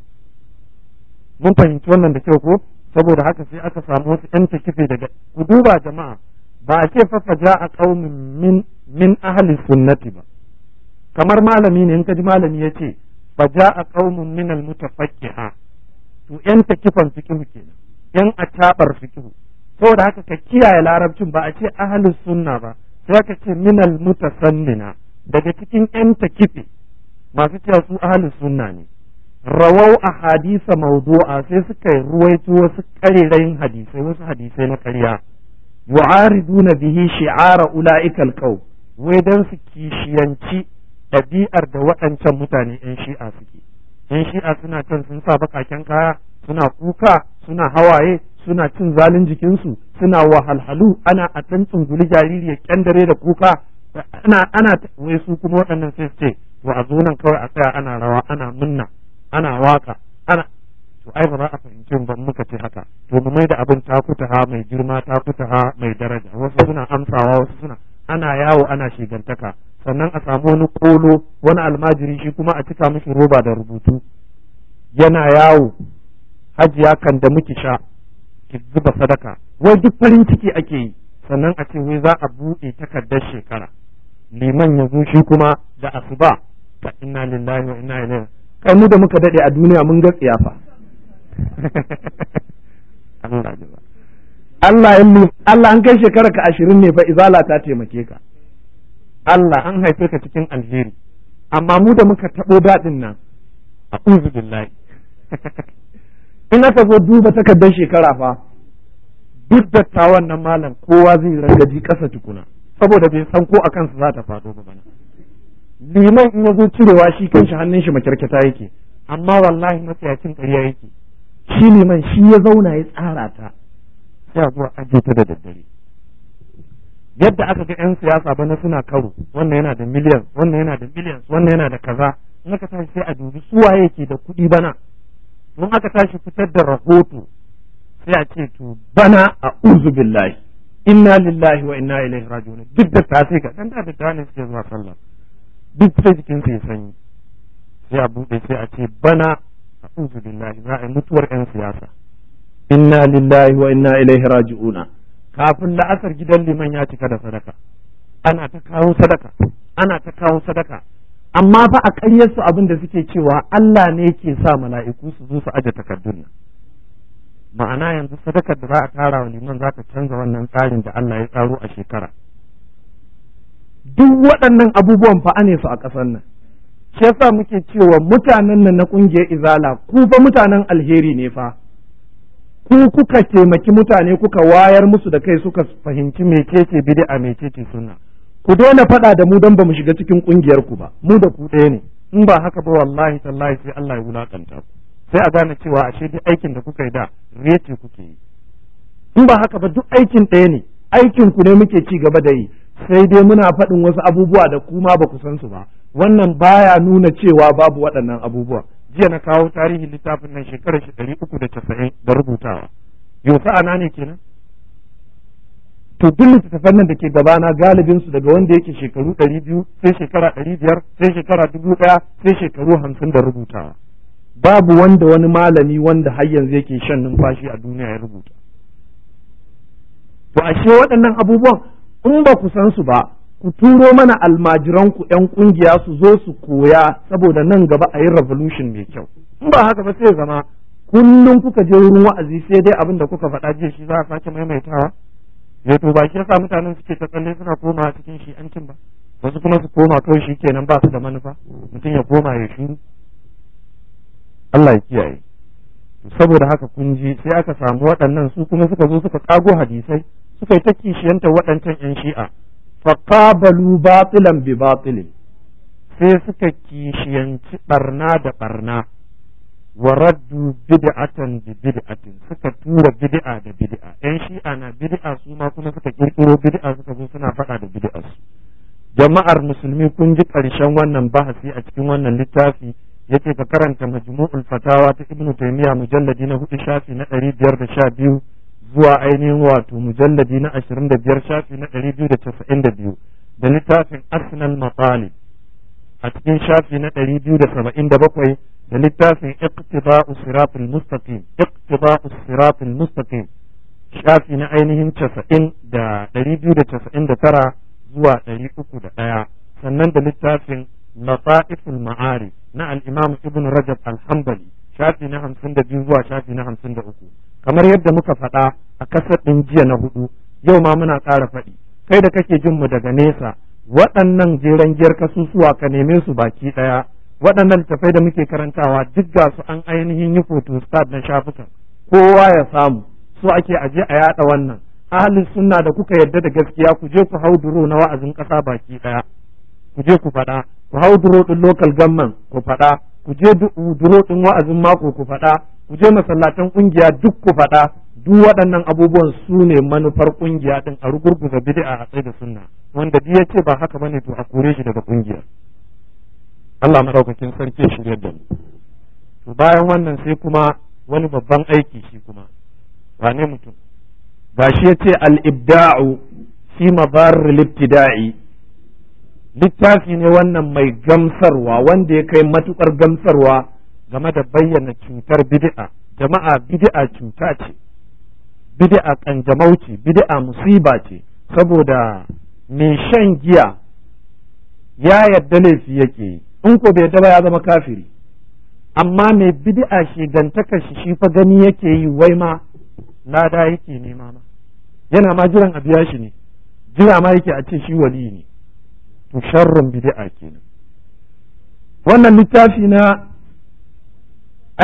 mun fahimci wannan da kyau ko saboda haka sai aka samu wasu yan takife daga ku duba jama'a ba a ce fafaja a qaumin min min ahli sunnati ba kamar malami ne in ka ji malami ya ce fa ja'a qaumun min al mutafaqqiha to yan takifan fikihu ke yan atabar fikihu saboda haka ka kiyaye larabcin ba a ce ahli sunna ba sai ka ce min al daga cikin yan takifi masu cewa su ahli sunna ne rawau a hadisa maudu'a sai suka ruwaito wasu karerayin hadisai wasu hadisai na karya yu'ariduna bihi shi'ara ula'ikal qaum wai dan su kishiyanci ɗabi'ar da waɗancan mutane yan shi'a suke yan shi'a suna can sun sa bakaken kaya suna kuka suna hawaye suna cin zalin jikinsu suna wahalhalu ana a can guli jariri ya kyandare da kuka ana ana wai su kuma waɗannan sai ce to a zonan kawai a tsaya ana rawa ana munna ana waka ana to ai ba za a fahimci ba muka ce haka to mu mai da abin takutaha mai girma takutaha mai daraja wasu suna amsawa wasu suna ana yawo ana shigantaka sannan a samu wani kolo wani almajiri shi kuma a cika mishi roba da rubutu yana yawo hajiya kan da muke sha ki zuba sadaka wai duk farin ciki ake yi sannan a ce wai za a buɗe takardar shekara liman ya zo shi kuma da asuba ta inna lillahi wa inna ilaihi kai mu da muka dade a duniya mun ga tsiyafa Allah ya Allah in Allah an kai shekara ka ashirin ne fa izala ta taimake ka Allah an haife ka cikin alheri amma mu da muka tabo daɗin nan a'udhu billahi in aka zo duba takardar shekara fa duk da dattawan nan malam kowa zai rangaji kasa tukuna saboda bai san ko a su za ta faɗo ba bana liman in ya zo cirewa shi kanshi hannun shi makyarkyata yake amma wallahi mafiyacin ƙarya yake shi liman shi ya zauna ya tsara ta sai zuwa ajiye ta da daddare yadda aka ga 'yan siyasa bana suna karo wannan yana da miliyan wannan yana da miliyan wannan yana da kaza in aka tashi sai a dubi su waye ke da kuɗi bana in aka tashi fitar da rahoto sai a ce to bana a uzu billahi inna lillahi wa inna ilaihi raji'un duk da ta ka dan da ta ne suke zuwa sallah duk sai jikin sai ya sanyi sai a bude sai a ce bana a uzu billahi za a yi mutuwar 'yan siyasa inna lillahi wa inna ilaihi raji'una kafin la'asar gidan liman ya cika da sadaka ana ta kawo sadaka ana ta kawo sadaka amma fa a ƙaryarsu abin da suke cewa Allah ne ke sa mala'iku su zo su aje takardun nan ma'ana yanzu sadakar da za a tara wa liman za ta canza wannan tsarin da Allah ya tsaro a shekara duk waɗannan abubuwan fa ne su a ƙasar nan shi yasa muke cewa mutanen nan na ƙungiyar izala ku fa mutanen alheri ne fa ku kuka taimaki mutane kuka wayar musu da kai suka fahimci mecece bid'a mecece sunna ku daina faɗa da mu don ba mu shiga cikin ƙungiyar ku ba mu da ku ɗaya ne in ba haka ba wallahi tallahi sai Allah ya wulakanta ku sai a gane cewa ashe duk aikin da kuka yi da rete kuke yi in ba haka ba duk aikin ɗaya ne aikin ku ne muke ci gaba da yi sai dai muna faɗin wasu abubuwa da kuma ba ku san su ba wannan baya nuna cewa babu waɗannan abubuwa jiya na kawo tarihin littafin nan shekarar shi ɗari uku da casa'in da rubutawa yau na ne kenan to duk littattafan nan da ke gabana galibin su daga wanda yake shekaru ɗari biyu sai shekara ɗari biyar sai shekara dubu ɗaya sai shekaru hamsin da rubutawa babu wanda wani malami wanda har yanzu yake shan numfashi a duniya ya rubuta to ashe waɗannan abubuwan in ba ku san su ba ku turo mana almajiranku 'yan kungiya su zo su koya saboda nan gaba a yi revolution mai kyau in ba haka ba sai zama kullum kuka je wurin wa'azi sai dai abin da kuka faɗa jiya shi za a sake maimaitawa ya eh, to ba shi mutanen suke ta tsalle suna koma cikin shi an ba wasu kuma su koma kawai shi kenan ba su da manufa mutum ya koma ya shiru Allah ya kiyaye saboda haka kun ji sai aka samu waɗannan su kuma suka zo suka kago hadisai suka yi ta kishiyanta waɗancan 'yan shi'a faqabalu batilan bi batilin sai suka kishiyanci barna da barna wa raddu bid'atan bi bid'atin suka tura bid'a da bid'a yan shi'a na bid'a su ma kuma suka kirkiro bid'a suka zo suna faɗa da bid'a jama'ar musulmi kun ji ƙarshen wannan bahasi a cikin wannan littafi yake ka karanta majmu'ul fatawa ta ibnu taymiya mujalladi na hudu shafi na ɗari zuwa ainihin wato mujalladi na 25 shafi na 292 da littafin arsenal maqali a cikin shafi na 277 da littafin iqtiba'u siratul mustaqim iqtiba'u siratul mustaqim shafi na ainihin 90 da 299 zuwa 301 sannan da littafin lataiful ma'ari na al-imam ibn rajab al-hanbali shafi na 52 zuwa shafi na 53 kamar yadda muka faɗa a kasar ɗin jiya na hudu yau ma muna ƙara faɗi kai da kake jin mu daga nesa waɗannan jeren giyar kasusuwa ka neme su baki ɗaya waɗannan tafai da muke karantawa duk ga su an ainihin yi photostat na shafukan kowa ya samu su ake aje a yaɗa wannan ahalin sunna da kuka yadda da gaskiya ku je ku hau duro na wa'azin ƙasa baki ɗaya ku je ku faɗa ku hau duro ɗin local government ku faɗa ku je duro ɗin wa'azin mako ku faɗa ku je masallatan kungiya duk ku faɗa duk waɗannan abubuwan su ne manufar kungiya din a rugurguza bid'a a tsaye da sunna wanda duk yace ba haka bane to a kore shi daga kungiya Allah madaukakin sarki ya shirya da mu to bayan wannan sai kuma wani babban aiki shi kuma wane mutum Ba ya yace al-ibda'u fi mabar al-ibtida'i littafi ne wannan mai gamsarwa wanda ya kai matukar gamsarwa game da bayyana cutar bid'a jama'a bid'a cuta ce bid'a kanjamau ce bid'a musiba ce saboda mai shan giya ya yadda laifi yake yi in ko bai yadda ba ya zama kafiri amma mai bid'a gantaka shi shi fa gani yake yi wai ma lada yake nema ma yana ma jiran a biya shi ne jira ma yake a ce shi wali ne to sharrun bid'a kenan wannan littafi na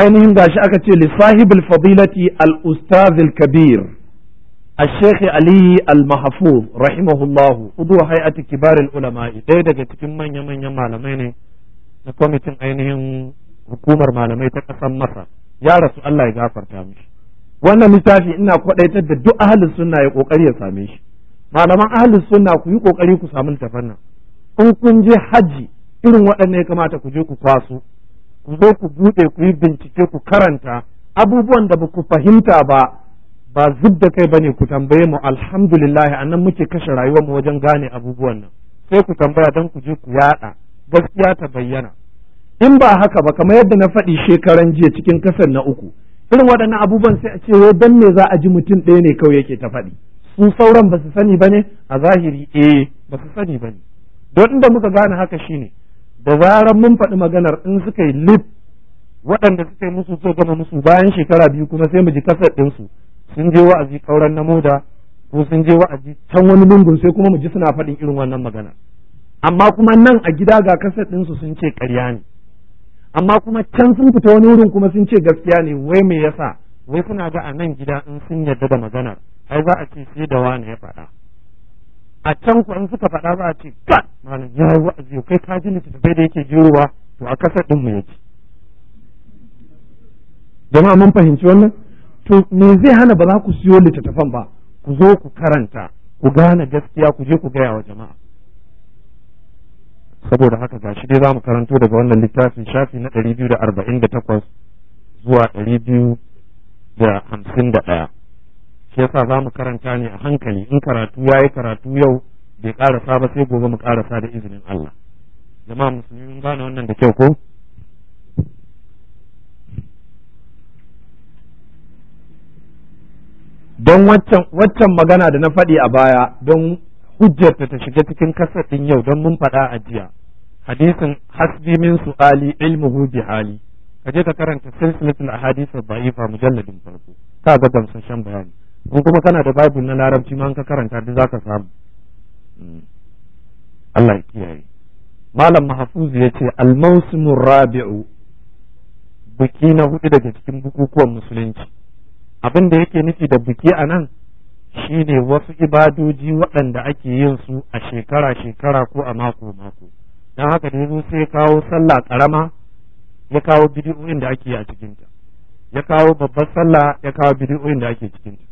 ainihin shi aka ce li sahibul fadilati al ustaz al kabir الشيخ علي المحفوظ رحمه الله عضو هيئة كبار ulama'i. Daya daga cikin manya-manyan malamai ne na kwamitin ainihin hukumar malamai ta ƙasar Masar ya rasu Allah ya gafarta mishi wannan littafi ina kwaɗaitar da duk ahlus sunna ya kokari ya same shi malaman ahlus sunna ku yi kokari ku sami littafin in kun je hajji irin waɗanne ya kamata ku je ku kwasu. ku zo ku buɗe ku yi bincike ku karanta abubuwan da ba ku fahimta ba ba zub da kai bane ku tambaye mu alhamdulillah anan muke kashe rayuwar mu wajen gane abubuwan nan sai ku tambaya dan ku je ku yada gaskiya ta bayyana in ba haka ba kamar yadda na faɗi shekaran jiya cikin kasar na uku irin waɗannan abubuwan sai a ce wai dan me za a ji mutum ɗaya ne kawai yake ta faɗi su sauran ba su sani ba ne a zahiri eh ba su sani ba ne don inda muka gane haka shine da zarar mun faɗi maganar in suka yi lip waɗanda suka yi musu so gama musu bayan shekara biyu kuma sai mu ji kasar ɗinsu sun je wa'azi ƙauren na moda ko sun je wa'azi can wani lungun sai kuma mu ji suna faɗin irin wannan magana amma kuma nan a gida ga kasar ɗinsu sun ce ƙarya ne amma kuma can sun fita wani wurin kuma sun ce gaskiya ne wai me yasa wai suna ga a nan gida in sun yarda da maganar ai za a ce sai da wani ya faɗa a can ku in suka faɗa za a ce ka malam ya yi wa'azi kai ka ji tafai da yake jirowa to a kasar ɗin mu yake jama'a mun fahimci wannan to me zai hana ba za ku siyo littattafan ba ku zo ku karanta ku gane gaskiya ku je ku gaya wa jama'a saboda haka gashi dai za mu karanto daga wannan littafin shafi na ɗari biyu da arba'in da takwas zuwa ɗari biyu da hamsin da ɗaya shi yasa za mu karanta ne a hankali in karatu ya yi karatu yau bai karasa ba sai gobe mu karasa da izinin Allah jama'a musulmi mun gane wannan da kyau ko don waccan magana da na faɗi a baya don hujjarta ta shiga cikin kasafin ɗin yau don mun faɗa a jiya hadisin hasbi min su'ali ilmuhu bi hali kaje ka karanta silsilatul ahadith ad-da'ifa mujalladin farko ka ga gamsashen bayani in kuma kana da babu na larabci ma ka karanta duk zaka samu hmm. Allah ya kiyaye malam mahfuz ya ce al-mawsimu rabi'u buki na hudu daga cikin bukukuwan musulunci abin da yake nufi da buki a nan shine wasu ibadoji waɗanda ake yin su a shekara-shekara ko a mako-mako don haka da yanzu sai kawo sallah ƙarama ya kawo bidiyoyin da ake a cikinta ya kawo babbar sallah ya kawo bidiyoyin da ake cikinta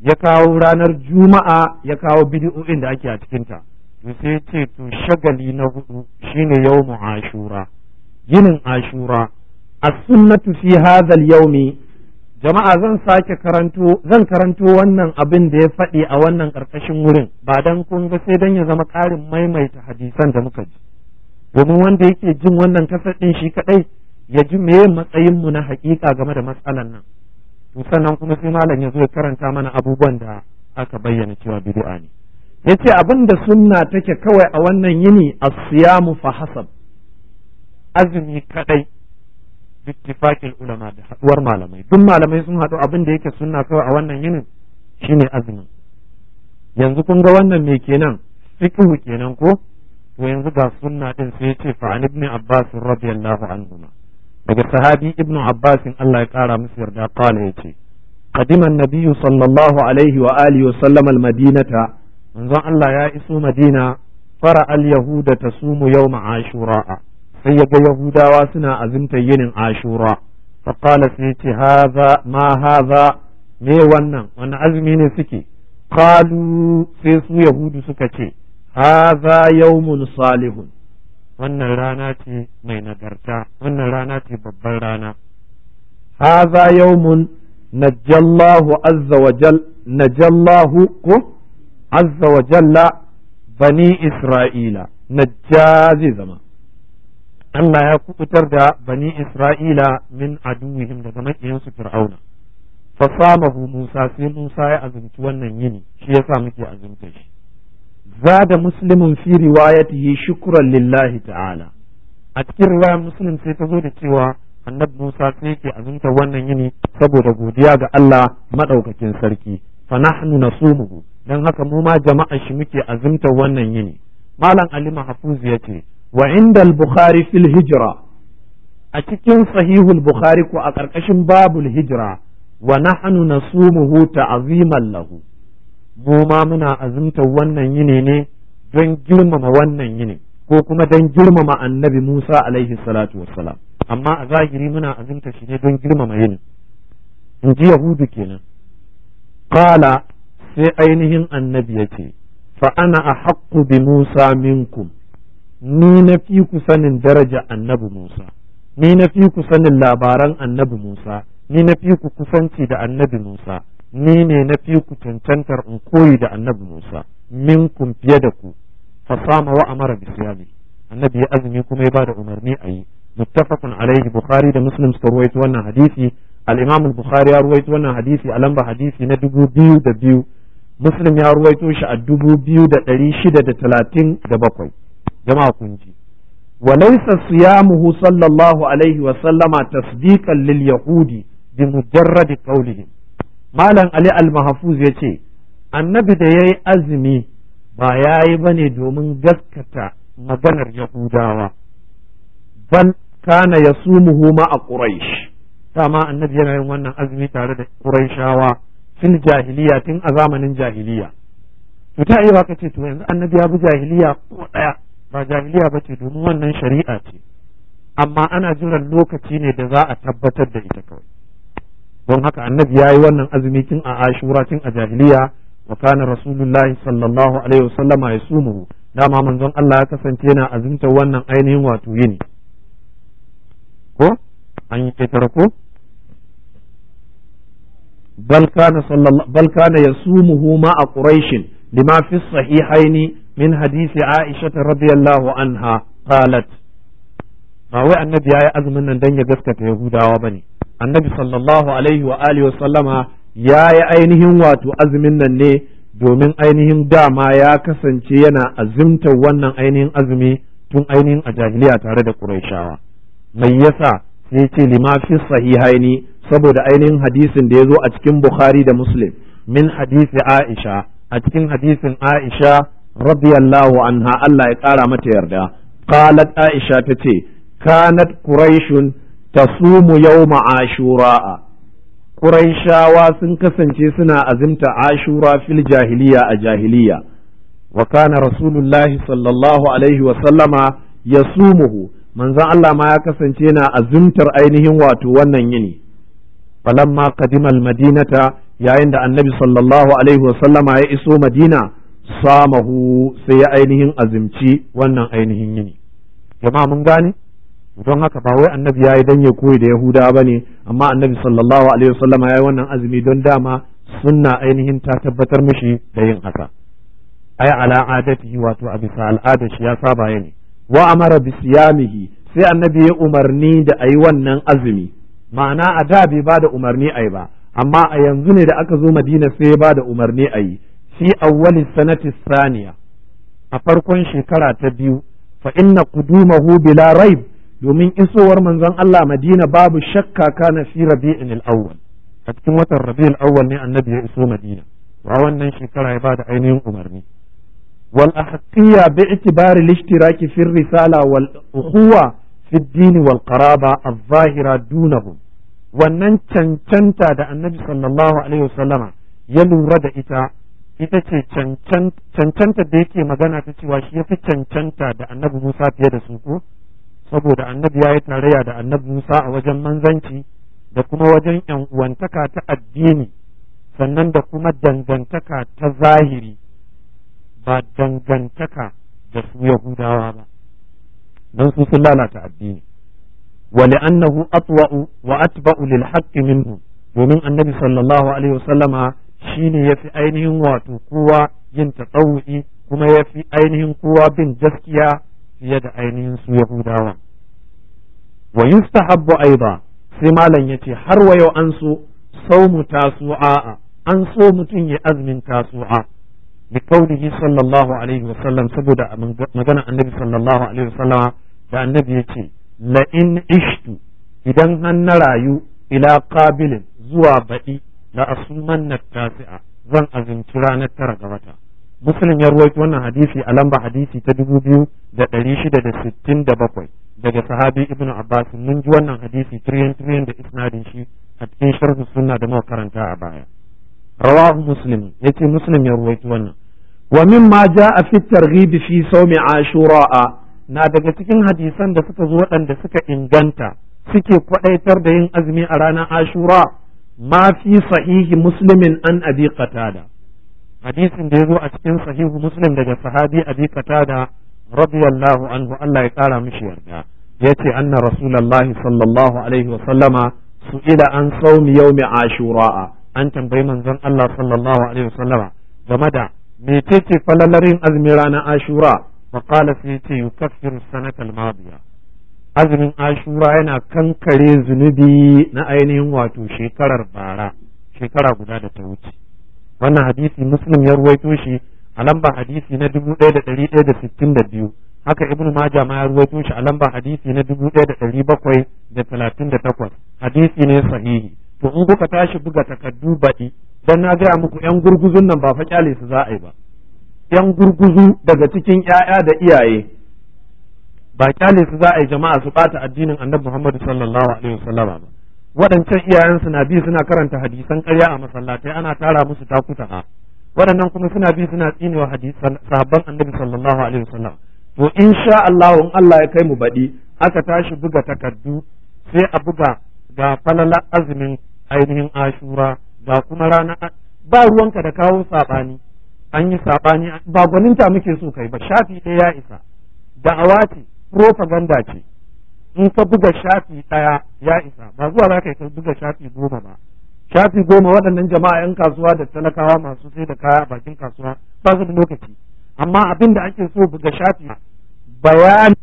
ya kawo ranar juma'a ya kawo bidi'o'in da ake a cikinta to sai ce to shagali na hudu shine yawmu ashura yinin ashura as-sunnatu fi hadha al-yawmi jama'a zan sake karanto zan karanto wannan abin da ya faɗi a wannan ƙarƙashin wurin ba dan kun ga sai dan ya zama ƙarin maimaita hadisan da muka ji domin wanda yake jin wannan kasar ɗin shi kaɗai ya ji meye matsayin mu na haƙiƙa game da matsalan nan to sannan kuma sai malam ya zo ya karanta mana abubuwan da aka bayyana cewa bid'a ne yace abin da sunna take kawai a wannan yini as-siyamu fa hasab azumi kadai bittifaqil ulama da haduwar malamai duk malamai sun hadu abinda da yake sunna kawai a wannan yinin shine azumi yanzu kun ga wannan me kenan fiqhu kenan ko to yanzu ga sunna din sai yace fa an ibn abbas radiyallahu ma daga sahabi ibn Abbas Allah ya kara musu yarda qala yace qadima an-nabiy sallallahu alaihi wa alihi wa sallam al-madinata manzon Allah ya iso Madina fara al-yahuda tasumu yawm ashura sai yaga yahudawa suna azumta yinin ashura fa qala sai hadha ma hadha me wannan wani azumi ne suke qalu sai su yahudu suka ce hadha mun salihun wannan rana ce mai nagarta wannan rana ce babban rana haza yawmun najallahu azza wa jal najallahu ku azza wa jalla bani isra'ila najjazi zama Allah ya kubutar da bani Isra'ila min aduwihim daga makiyansu Fir'auna. Fasamahu Musa sai Musa ya azumci wannan yini shi yasa muke azumta shi. Za da zada muslimun fi yi shukuran lillahi ta'ala a cikin riwayar muslim sai ta zo da cewa annabi Musa sai yake azumta wannan yini saboda godiya ga Allah madaukakin sarki fa nahnu nasumuhu dan haka muma jama'a shi muke azumta wannan yini malam Ali ya ce. wa inda al-Bukhari fil hijra a cikin sahihul Bukhari ko a ƙarƙashin babul hijira, wa nahnu nasumuhu ta'ziman lahu mu ma muna azumtar wannan yini ne don girmama wannan yini ko kuma don girmama annabi Musa alaihi salatu wassalam amma a zahiri muna azumta shi ne don girmama yini in ji yahudu kenan qala sai ainihin annabi yace fa ana ahaqqu bi Musa minkum ni na fi ku sanin daraja annabi Musa ni na fi ku sanin labaran annabi Musa ni na fi ku kusanci da annabi Musa ni ne na fi ku cancantar in koyi da annabi Musa kun fiye da ku fasama wa amara bisiyami annabi ya azumi kuma ya bada umarni a yi muttafaqun alaihi bukhari da muslim suka ruwaito wannan hadisi al-imam al-bukhari ya ruwaito wannan hadisi a lamba hadisi na dubu biyu da biyu muslim ya ruwaito shi a dubu biyu da ɗari shida da talatin da bakwai jama'a kun ji وليس صيامه صلى الله عليه وسلم تصديقا لليهود بمجرد قولهم malam ali al-mahfuz ya ce annabi da ya yi azumi ba ya yi ba ne domin gaskata maganar yahudawa ban kana ya ma a quraish dama annabi yana yin wannan azumi tare da quraishawa tun jahiliya tun a zamanin jahiliya to ta iya ka ce to yanzu annabi ya bi jahiliya ko daya ba jahiliya ba ce domin wannan shari'a ce amma ana jiran lokaci ne da za a tabbatar da ita kawai don haka annabi ya yi wannan azumi tun a ashura tun a jahiliya wa kana rasulullahi sallallahu alaihi wasallama ya sumu dama manzon Allah ya kasance na azumta wannan ainihin wato yini ko an yi ƙetare ko bal kana yasumuhu ma a quraishin lima fi sahihaini min hadisi aisha radiyallahu anha qalat ba wai annabi yayi azumin nan dan ya gaskata yahudawa bane annabi sallallahu alaihi wa alihi wa sallama ya yi ainihin wato azumin nan ne domin ainihin dama ya kasance yana azimta wannan ainihin azumi tun ainihin a jahiliya tare da Qurayshawa mai yasa sai ce lima fi sahihaini saboda ainihin hadisin da ya zo a cikin Bukhari da Muslim min hadisi Aisha a cikin hadisin Aisha radiyallahu anha Allah ya kara mata yarda qalat Aisha tace kanat quraishun yau ma'ashura, ashura'a Qurayshawa sun kasance suna azimta ashura fil jahiliya a jahiliya wa kana rasulullahi sallallahu alaihi wa sallama yasumuhu manzon Allah ma ya kasance na azumtar ainihin wato wannan yini falamma qadima madinata yayin da annabi sallallahu alaihi wa sallama ya iso madina samahu sai ya ainihin azimci wannan ainihin yini jama'a mun gane don haka ba wai annabi ya yi dan ya koyi da yahuda ba ne amma annabi sallallahu alaihi wasallama ya yi wannan azumi don dama sunna ainihin ta tabbatar mishi da yin haka ai ala adatihi wato a bisa al'adar shi ya saba ya ne wa amara bi siyamihi sai annabi ya umarni da a yi wannan azumi ma'ana a da bai ba da umarni ayi ba amma a yanzu ne da aka zo madina sai ya ba da umarni a ayi fi awwali sanati saniya a farkon shekara ta biyu fa inna qudumahu bila raib domin isowar manzon Allah Madina babu shakka kana fi rabi'in al-awwal a cikin watan rabi'in al-awwal ne annabi ya iso Madina a wannan shekara ya bada ainihin umarni wal ahqiyya bi itibari al-ishtiraki fi risala wal ukhuwa fi ad-din wal qaraba adh-dhahira dunahum wannan cancanta da annabi sallallahu alaihi wasallama ya lura da ita ita ce cancanta da yake magana ta cewa shi ya fi cancanta da annabi Musa fiye da su ko saboda annabi ya yi tarayya da annabi Musa a wajen manzanci da kuma wajen ‘yan uwantaka ta addini sannan da kuma dangantaka ta zahiri ba dangantaka da su Yahudawa ba don su sun lalata addini wa أطوأ lil للحق minhu domin annabi sallallahu alaihi wasallama shine yafi ainihin wato kowa yin tatawu'i kuma yafi ainihin kowa bin gaskiya fiye da ainihin su yahudawa wa yustahabbu aidan sai malam yace har wa an so saumu tasu'a an so mutum ya azumin tasu'a bi kaulihi sallallahu alaihi wa sallam saboda magana annabi sallallahu alaihi wa sallama da annabi yace la in ishtu idan an na rayu ila qabilin zuwa baɗi la asumanna tasi'a zan azumci ranar tara ga wata muslim ya ruwaito wannan hadisi a lamba hadisi ta dubu biyu da ɗari shida da sittin da bakwai daga sahabi ibnu abbas mun ji wannan hadisi tiriyan tiriyan da isnadin shi a cikin sharhu suna da muka karanta a baya rawahu muslim yace muslim ya ruwaito wannan wa mimma a fi targhib fi mai ashura na daga cikin hadisan da suka zo waɗanda suka inganta suke kwadaitar da yin azumi a ranar ashura ma fi sahihi muslimin an abi qatada hadisin da ya zo a cikin sahihu muslim daga sahabi abi qatada radiyallahu anhu Allah ya kara mishi yarda yace anna rasulullahi sallallahu alaihi wa sallama su'ila an sawmi yawmi ashura an tambayi manzon Allah sallallahu alaihi wa sallama game da mecece falalarin azumin ranar ashura fa qala sai yace yukaffiru sanata al-madiya azumin ashura yana kankare zunubi na ainihin wato shekarar bara shekara guda da ta wuce wannan hadisi muslim ya ruwaito shi a lamba hadisi na dubu ɗaya da ɗari ɗaya da sittin da biyu haka ibnu maja ma ya ruwaito shi a lamba hadisi na dubu ɗaya da ɗari bakwai da talatin da takwas hadisi ne sahihi to in kuka tashi buga takaddu baɗi dan na gaya muku yan gurguzun nan ba fa kyale su za a yi ba yan gurguzu daga cikin 'ya'ya da iyaye ba kyale su za a yi jama'a su bata addinin annabi Muhammad sallallahu alaihi wasallama ba waɗancan iyayensu na bi suna karanta hadisan ƙarya a masallatai ana tara musu takuta waɗannan kuma suna bi suna tsinewa hadisan sahabban annabi sallallahu alaihi wasallam to sha Allah in Allah ya kai mu baɗi aka tashi buga takardu sai a buga ga falala azumin ainihin ashura ga kuma rana ba ruwanka da kawo sabani an yi saɓani ba gwaninta muke so kai ba shafi ɗaya ya isa da'awa ce propaganda ce in ka buga shafi ɗaya ya isa ba zuwa za ka yi ka buga shafi goma ba shafi goma waɗannan jama'a 'yan kasuwa da talakawa masu sai da kaya a bakin kasuwa ba su da lokaci amma abin da ake so buga shafi bayani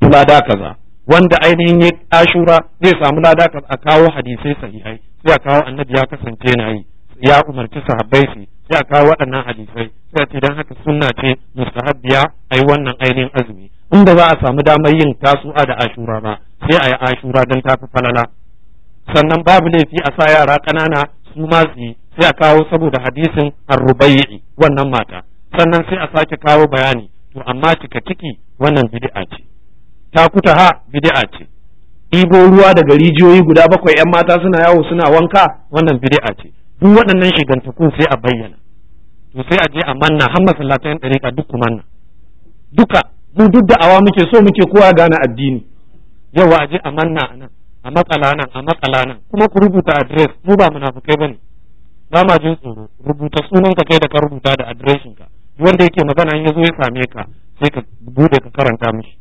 lada kaza wanda ainihin ya ashura zai samu lada kaza a kawo hadisai sahihai sai a kawo annabi ya kasance na yi ya umarci sahabbai su ya kawo waɗannan hadisai sai ce don haka sunna ce mustahabbiya yi wannan ainihin azumi Inda za a samu damar yin tasu'a da ashura ba sai a yi ashura don tafi falala sannan babu laifi a sa yara ƙanana su ma su yi sai a kawo saboda hadisin arrubayi wannan mata sannan sai a sake kawo bayani to amma cika ciki wannan bidi'a ce kuta ha bid'a ce ibo ruwa daga rijiyoyi guda bakwai yan mata suna yawo suna wanka wannan bidi'a ce duk waɗannan shigantakun sai a bayyana to sai a je a manna har masallatan ɗariƙa duk ku manna duka mu duk da awa muke so muke kowa gane addini yawa a je a manna a nan a matsala nan a matsala nan kuma ku rubuta adres mu ba munafukai bane ba ma jin tsoro rubuta sunanka kai da ka rubuta da ka wanda yake magana in yazo ya same ka sai ka bude ka karanta mishi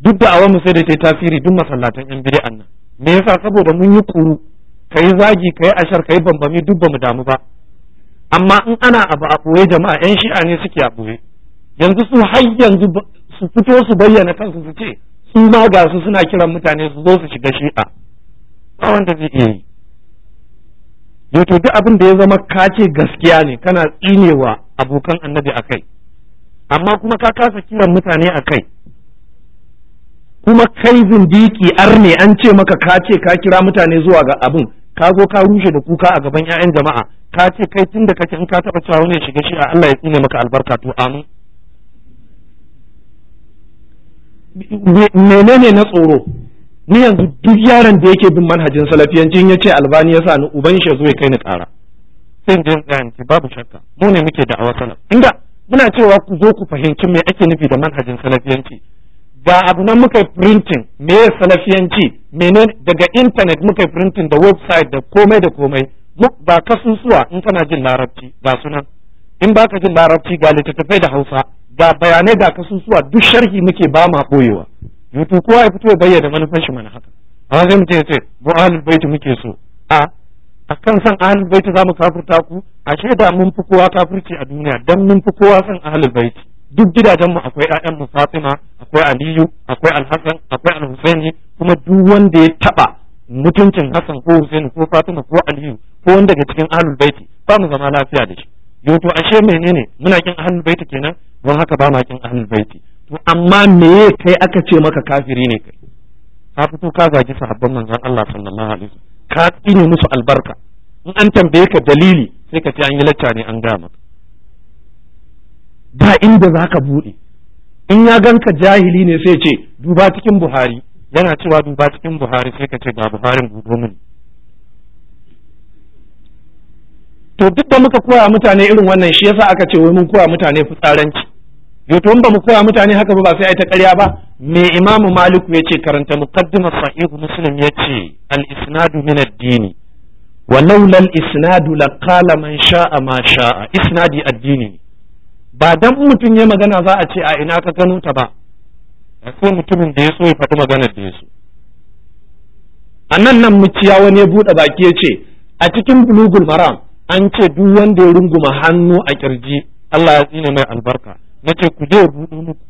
duk da mu sai da ta tasiri duk masallatan yan bid'an nan me yasa saboda mun yi kuru kai zagi kai ashar kai bambami duk mu damu ba amma in ana abu a ɓoye jama'a yan shi'a ne suke a ɓoye yanzu su har yanzu su fito su bayyana kansu su ce su ma ga su suna kiran mutane su zo su shiga shi'a ba wanda zai iya yi to duk abin da ya zama ka ce gaskiya ne kana tsinewa abokan annabi a kai amma kuma ka kasa kiran mutane a kai kuma kai zindiki arne an ce maka ka ce ka kira mutane zuwa ga abin ka zo ka rushe da kuka a gaban 'ya'yan jama'a ka ce kai tun da kake in ka taɓa cewa wani ya shiga shi a Allah ya tsine maka albarka to amin menene na tsoro ni yanzu duk yaron da yake bin manhajin salafiyancin ya ce albani ya sa ni uban shi zo ya kai ni ƙara sai in je babu shakka mu ne muke da awa salaf inda muna cewa ku zo ku fahimci me ake nufi da manhajin salafiyanci ga abu nan muka printing me salafiyanci menen daga intanet muka printing da website da komai da komai ba kasusuwa in kana jin larabci ga sunan in baka jin larabci ga littattafai da hausa ga bayanai ga kasusuwa duk sharhi muke ba ma koyewa yutu kowa ya fito ya bayyana manufan shi mana haka amma sai mutum ya ce mu ahlul baiti muke so a a kan san ahlul baiti zamu kafirta ku ashe da mun fi kowa kafurci a duniya dan mun fi kowa san ahlul baiti duk gidajen mu akwai yayan mu Fatima akwai Aliyu akwai Alhassan akwai Alhussaini, kuma duk wanda ya taɓa mutuncin Hassan ko Hussaini ko Fatima ko Aliyu ko wanda daga cikin Ahlul Baiti ba mu zama lafiya da shi to ashe menene muna kin Ahlul Baiti kenan don haka ba ma kin Ahlul Baiti to amma me kai aka ce maka kafiri ne kai ka fito ka zagi sahabban manzon Allah sallallahu alaihi wasallam ka tsine musu albarka in an tambaye ka dalili sai ka ce an yi lacca ne an gama maka da inda za ka buɗe in ya ganka jahili ne sai ce duba cikin buhari yana cewa duba cikin buhari sai ka ce ba buharin gudo mini to duk da muka koya mutane irin wannan shi yasa aka ce wai mun koya mutane fitsaranci to ba mu koya mutane haka ba sai ai ta ƙarya ba me imamu malik ya ce karanta muqaddimar sahih muslim ya ce al isnadu min ad wa laula al isnadu laqala man sha'a ma sha'a isnadi addini ba dan mutum ya magana za a ce a ina ka gano ta ba sai mutumin da ya so ya faɗi maganar da ya so a nan nan muciya wani ya buɗe baki ya ce a cikin bulugul maram an ce duk wanda ya runguma hannu a kirji Allah ya tsine mai albarka na ce ku je buɗe muku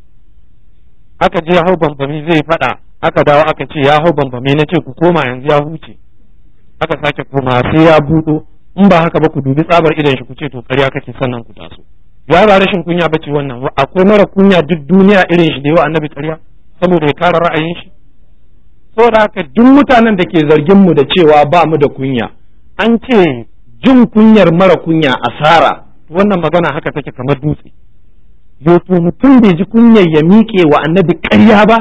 aka je ya hau bambami zai faɗa aka dawo aka ce ya hau bambami na ce ku koma yanzu ya huce aka sake koma sai ya buɗo in ba haka ba ku dubi tsabar idan shi ku ce to karya kake sannan ku taso wai ba rashin kunya ba ce wannan akwai mara kunya duk duniya irin shi da yawa annabi ƙarya saboda ya kara ra'ayin shi saboda haka duk mutanen da ke zargin mu da cewa ba mu da kunya an ce jin kunyar mara kunya asara wannan magana haka take kamar dutse yoto mutum bai ji kunyar ya miƙe wa annabi ƙarya ba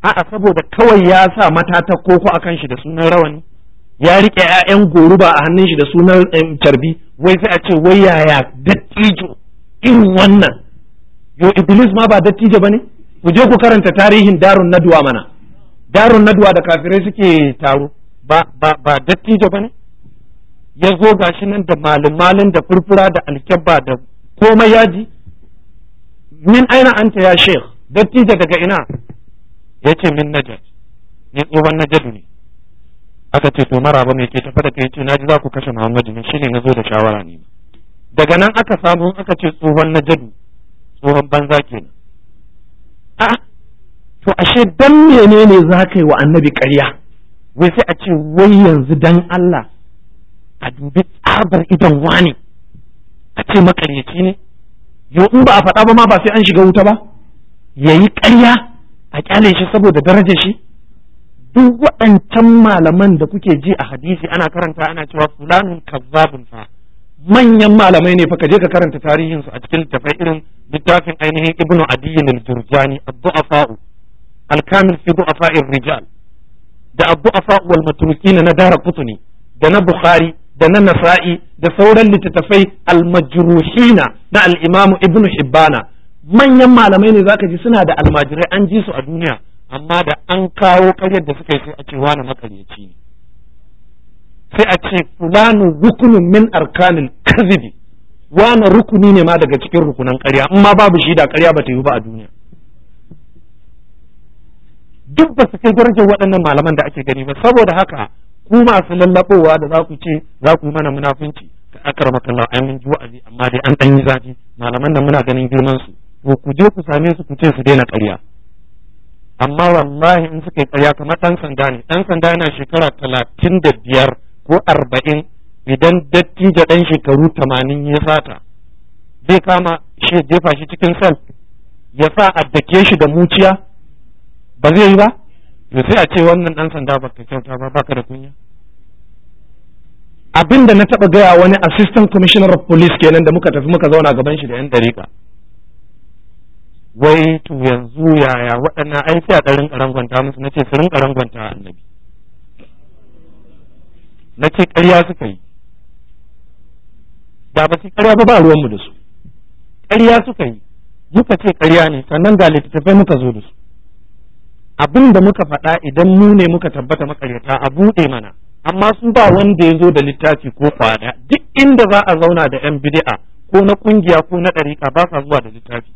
a'a saboda kawai ya sa mata ta koko akan shi da sunan rawani ya riƙe 'ya'yan goruba a hannun shi da sunan carbi wai sai a ce wai yaya dattijo irin wannan yo iblis ma ba dattijo bane ku je ku karanta tarihin darun nadwa mana darun nadwa da kafirai suke taro ba ba ba dattijo bane ya zo gashi nan da malin da furfura da alkyabba da komai yaji min aina anta ya sheikh dattijo daga ina yace min najad ni tsohon najadu ne aka ce to maraba me ke tafa da kai ce ji za ku kashe Muhammadu ne shine nazo da shawara ne daga nan aka samu aka ce tsohon na jadu, tsohon banza kenan a to ashe dan menene za ka yi wa annabi ƙarya wai sai a ce wai yanzu dan Allah a dubi tsabar idon wani a ce makaryaci ne yo in ba a faɗa ba ma ba sai an shiga wuta ba yayi ƙarya a kyale shi saboda darajar shi duk waɗancan malaman da kuke ji a hadisi ana karanta ana cewa fulanun kazzabun fa manyan malamai ne fa ka je ka karanta tarihin su a cikin tafai irin littafin ainihin ibnu adiyyin al-jurjani ad-du'afa'u al-kamil fi du'afa'ir rijal da ad-du'afa'u wal na dara qutni da na bukhari da na nasa'i da sauran littattafai al na al-imam ibnu hibbana manyan malamai ne zaka ji suna da almajirai an ji su a duniya amma da an kawo karyar da suka yi sai a ce wani makaryaci ne sai a ce fulanu rukunin min arkanil kazibi wani rukuni ne ma daga cikin rukunan ƙarya in ma babu shi da ƙarya ba ta yi ba a duniya duk ba su kai darajar waɗannan malaman da ake gani ba saboda haka ku masu lallaɓowa da za ku ce za ku mana munafunci ka akar makalla ai mun a amma dai an ɗan yi zafi malaman nan muna ganin girman su to ku je ku same su ku ce su daina ƙarya amma wallahi in suka yi karya kamar ɗan sanda ne ɗan sanda yana shekara talatin da biyar ko arba'in idan dattijo ɗan shekaru tamanin ya sata zai kama shi jefa shi cikin sel ya sa addake shi da muciya ba zai yi ba to sai a ce wannan ɗan sanda ba kyauta ba baka da kunya abin da na taɓa gaya wani assistant commissioner of police kenan da muka tafi muka zauna gaban shi da yan dariƙa wai to yanzu yaya waɗannan ai a ɗarin ƙarangwanta musu na ce su rinƙa rangwanta annabi na ce ƙarya suka yi da ba su ƙarya ba ba ruwanmu da su ƙarya suka yi muka ce ƙarya ne sannan ga littattafai muka zo da su abin da muka faɗa idan mu ne muka tabbata makaryata a buɗe mana amma su ba wanda ya zo da littafi ko kwada duk inda za a zauna da yan bid'a ko na ƙungiya, ko na ɗarika, ba sa zuwa da littafi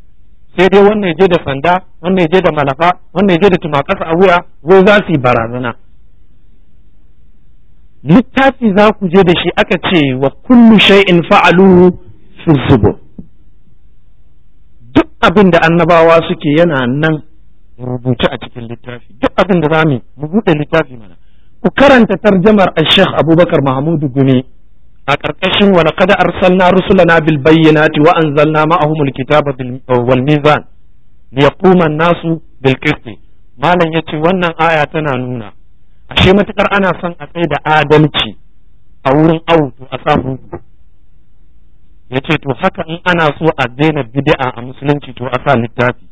sai dai wannan ya je da sanda wannan ya je da malafa wannan ya je da tumakasa a wuya wai za su yi barazana littafi za ku je da shi aka ce wa kullu shay'in fa'aluhu fi zubur duk abin da annabawa suke yana nan rubuce a cikin littafi duk abin da zamu mu bude littafi mana ku karanta tarjamar al-Sheikh Abubakar Mahmud Gumi a ƙarƙashin wa laqad arsalna rusulana bil bayyinati wa anzalna ma'ahumul kitaba eh, wal mizan liyaquma an-nasu bil qist malam yace wannan aya tana nuna ashe matukar ana son a tsaye da adalci a wurin awu to a sa hudu ya ce to haka in ana so a daina bid'a a musulunci to a sa littafi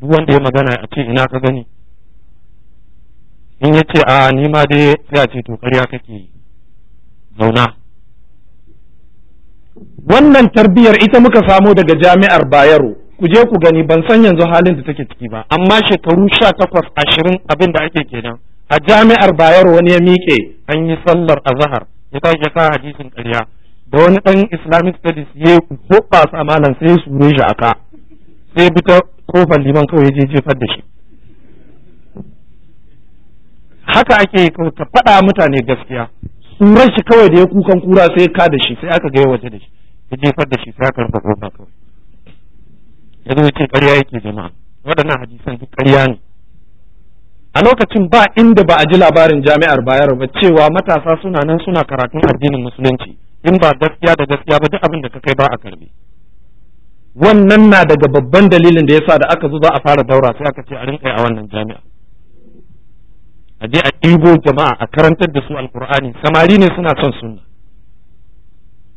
duk wanda ya magana a ce ina ka gani in ya ce a ni ma dai sai a ce to ƙarya kake zauna wannan tarbiyar ita muka samo daga jami'ar bayero ku je ku gani ban san yanzu halin da take ciki ba amma shekaru sha takwas ashirin abin da ake kenan a jami'ar bayero wani ya miƙe an yi sallar azahar ya ta ya sa hadisin ƙarya da wani ɗan islamic studies ya hoɓa su amalan sai ya sure shi aka sai bi ta kofar liman kawai je jefar da shi haka ake ka faɗa mutane gaskiya surar shi kawai da ya kukan kura sai ka da shi sai aka ga waje da shi ya jefar da shi sai aka rufe kofar kawai ya zo ya ce ƙarya yake jama'a waɗannan hadisan duk ƙarya ne a lokacin ba inda ba a ji labarin jami'ar bayar ba cewa matasa suna nan suna karatun addinin musulunci in ba gaskiya da gaskiya ba duk abin da ka kai ba a karbi wannan na daga babban dalilin da ya sa da aka zo za a fara daura sai aka ce a rinka a wannan jami'a a je a ɗibo jama'a a karantar da su alkur'ani samari ne suna son sunna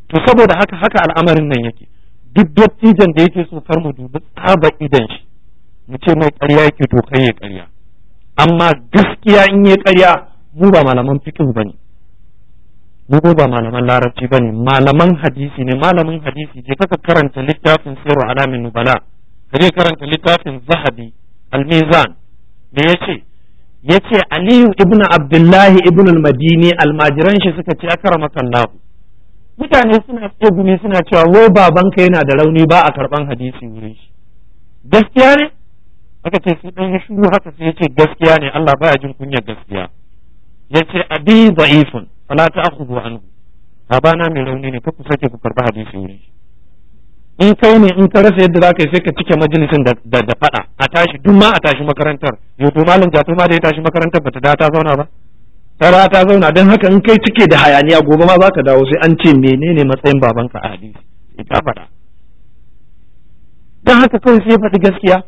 to saboda haka haka al'amarin nan yake duk dattijan da yake so kar mu dubi tsaba idan shi mu ce mai ƙarya yake to kai ya ƙarya amma gaskiya in yi karya mu ba malaman fikin ba ne, mu ba malaman larabci ba ne. malaman hadisi ne malamin hadisi je kaka karanta littafin sirru alamin nubala kaje karanta littafin zahabi al-mizan da Ya ce aliyu Ibn abdullahi Ibn al-madini almajiran shi suka ce kan labu. mutane suna tsegumi suna cewa wo babanka yana da rauni ba a karban hadisi wurin shi gaskiya ne aka ce su dan ya shiru haka sai yace gaskiya ne Allah baya jin kunyar gaskiya ya yace abi da'ifun fala ta'khudhu anhu babana mai rauni ne kuka sake ku karɓa hadisi wurin in kai ne in ka rasa yadda ka yi sai ka cike majalisin da da faɗa a tashi duk ma a tashi makarantar yau to malam jato ma da ya tashi makarantar bata da ta zauna ba tara ta zauna don haka in kai cike da hayaniya gobe ma za ka dawo sai an ce menene matsayin babanka a hadisi ita faɗa dan haka kawai sai faɗi gaskiya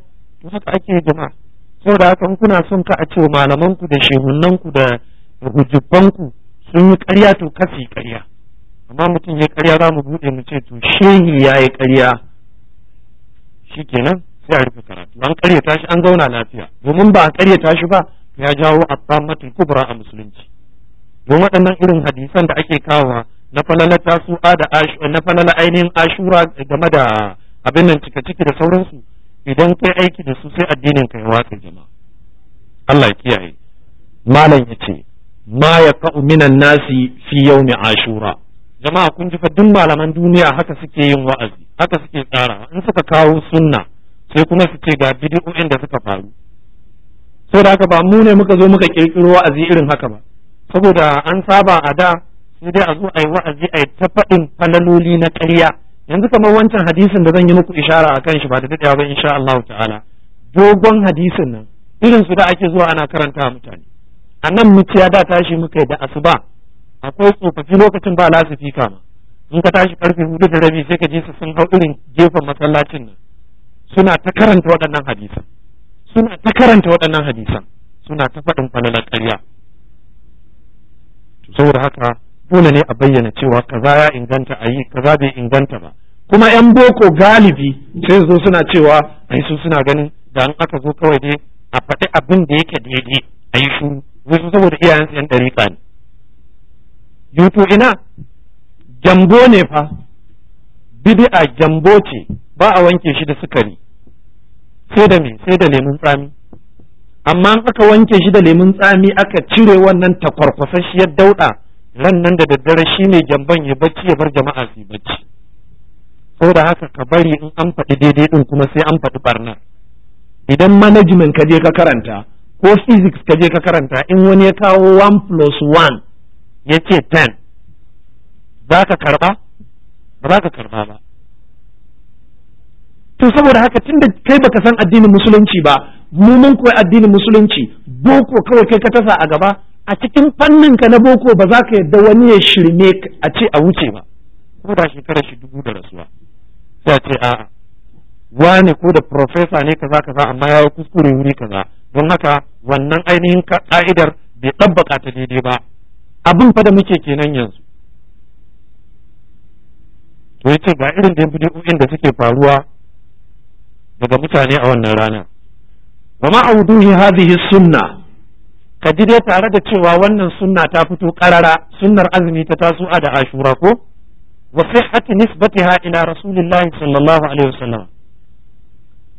haka ake jama'a saboda haka kuna son ka a ce malamanku da shehunanku da hujjubbanku sun yi ƙarya to kasi karya amma mutum ya karya za mu buɗe mu ce to shehi ya yi ƙarya kenan sai a rufe karatu an karya tashi an zauna lafiya domin ba a karya tashi ba ya jawo abdamatul kubra a musulunci don waɗannan irin hadisan da ake kawowa na falala tasu'a da na falala ainihin ashura game da abin nan cika ciki da sauransu idan kai aiki da su sai addinin ka ya watsa jama'a Allah kiyaye malam yace ma ka'u minan nasi fi yawmi ashura jama'a kun ji fa duk malaman duniya haka suke yin wa'azi haka suke tsara in suka kawo sunna sai kuma su ce ga bid'o'in da suka faru da haka ba mu ne muka zo muka kirkiro wa'azi irin haka ba saboda an saba a da sai dai a zo a yi wa'azi a yi ta faɗin falaloli na ƙarya yanzu kamar wancan hadisin da zan yi muku ishara akan shi ba da daɗewa ba insha Allah ta'ala dogon hadisin nan irin su da ake zuwa ana karanta mutane a nan muciya da tashi muka da asuba akwai tsofaffi lokacin ba lasifi kama in ka tashi karfe hudu da rabi sai ka je su sun hau irin gefen masallacin nan suna ta karanta waɗannan hadisan suna ta karanta waɗannan hadisan suna ta faɗin kwanan ƙarya saboda haka dole ne a bayyana cewa kaza ya inganta a yi kaza bai inganta ba kuma yan boko galibi sai su suna cewa ai su suna ganin da an aka zo kawai dai a faɗi abin da yake daidai a yi shuru wasu saboda iyayen su yan ɗariƙa ne yuto ina jambo ne fa bidi'a jambo ce ba a wanke shi da sukari sai da me sai da lemun tsami amma in aka wanke shi da lemun tsami aka cire wannan takwarkwasasshiyar dauɗa ran nan da daddare shi shine gyamban ya bacci ya bar jama'a su bacci da haka ka bari in an faɗi daidai ɗin kuma sai an faɗi barna idan management ka je ka karanta ko physics ka je ka karanta in wani ya kawo 1 plus 1 ya ce 10 za ka karba ba za ka karba ba to saboda haka tunda kai baka san addinin musulunci ba mu mun koyi addinin musulunci boko kawai kai ka tasa a gaba a cikin fannin ka na boko ba za ka yadda wani ya shirme a ce a wuce ba ko da shekarar shi dubu da rasuwa sai a ce a'a wani ko da profesa ne kaza kaza amma ya yi kuskure wuri kaza don haka wannan ainihin ka'idar bai ɗabbaka ta daidai ba abin fa da muke kenan yanzu to yace ga irin da bidiyoyin da suke faruwa daga mutane a wannan rana wa ma hadhihi sunna ka ji dai tare da cewa wannan sunna ta fito karara sunnar azumi ta taso a da ashura ko wa sihhati nisbatiha ila rasulillah sallallahu alaihi wasallam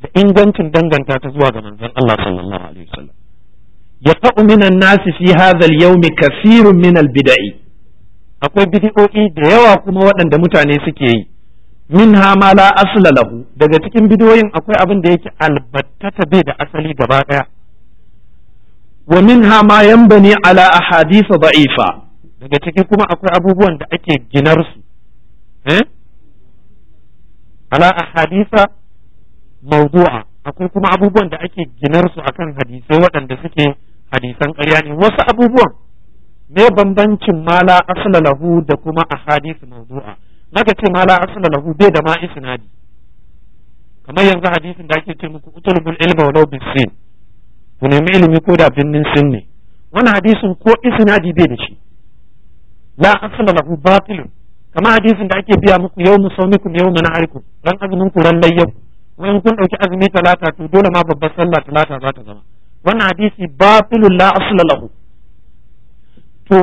da ingancin danganta ta zuwa ga manzon Allah sallallahu alaihi wasallam yaqa'u minan nasi fi hadha al-yawm kathirun min al-bida'i akwai bid'o'i da yawa kuma waɗanda mutane suke yi minha ma la asla lahu daga cikin bidiyoyin akwai abin da yake albattata bai da asali gaba daya wa minha ma yanbani ala ahadith da'ifa daga cikin kuma akwai abubuwan da ake ginar su eh ala ahadisa mawdu'a akwai kuma abubuwan da ake ginar su akan hadisai waɗanda suke hadisan ƙarya ne wasu abubuwan me bambancin mala asla lahu da kuma ahadith mawdu'a naga ce mala asla lahu bai da ma isnadi kamar yanzu hadisin da ake ce muku utulbul ilma walau bisin mu nemi ilimi ko da binnin sin ne wani hadisin ko isnadi bai da shi la asala lahu batilun kama hadisin da ake biya muku yau musaumikum yau mana harku dan azumin ku ran layyau wani kun dauki azumi talata to dole ma babbar sallah talata za ta zama wani hadisi batilun la asala lahu to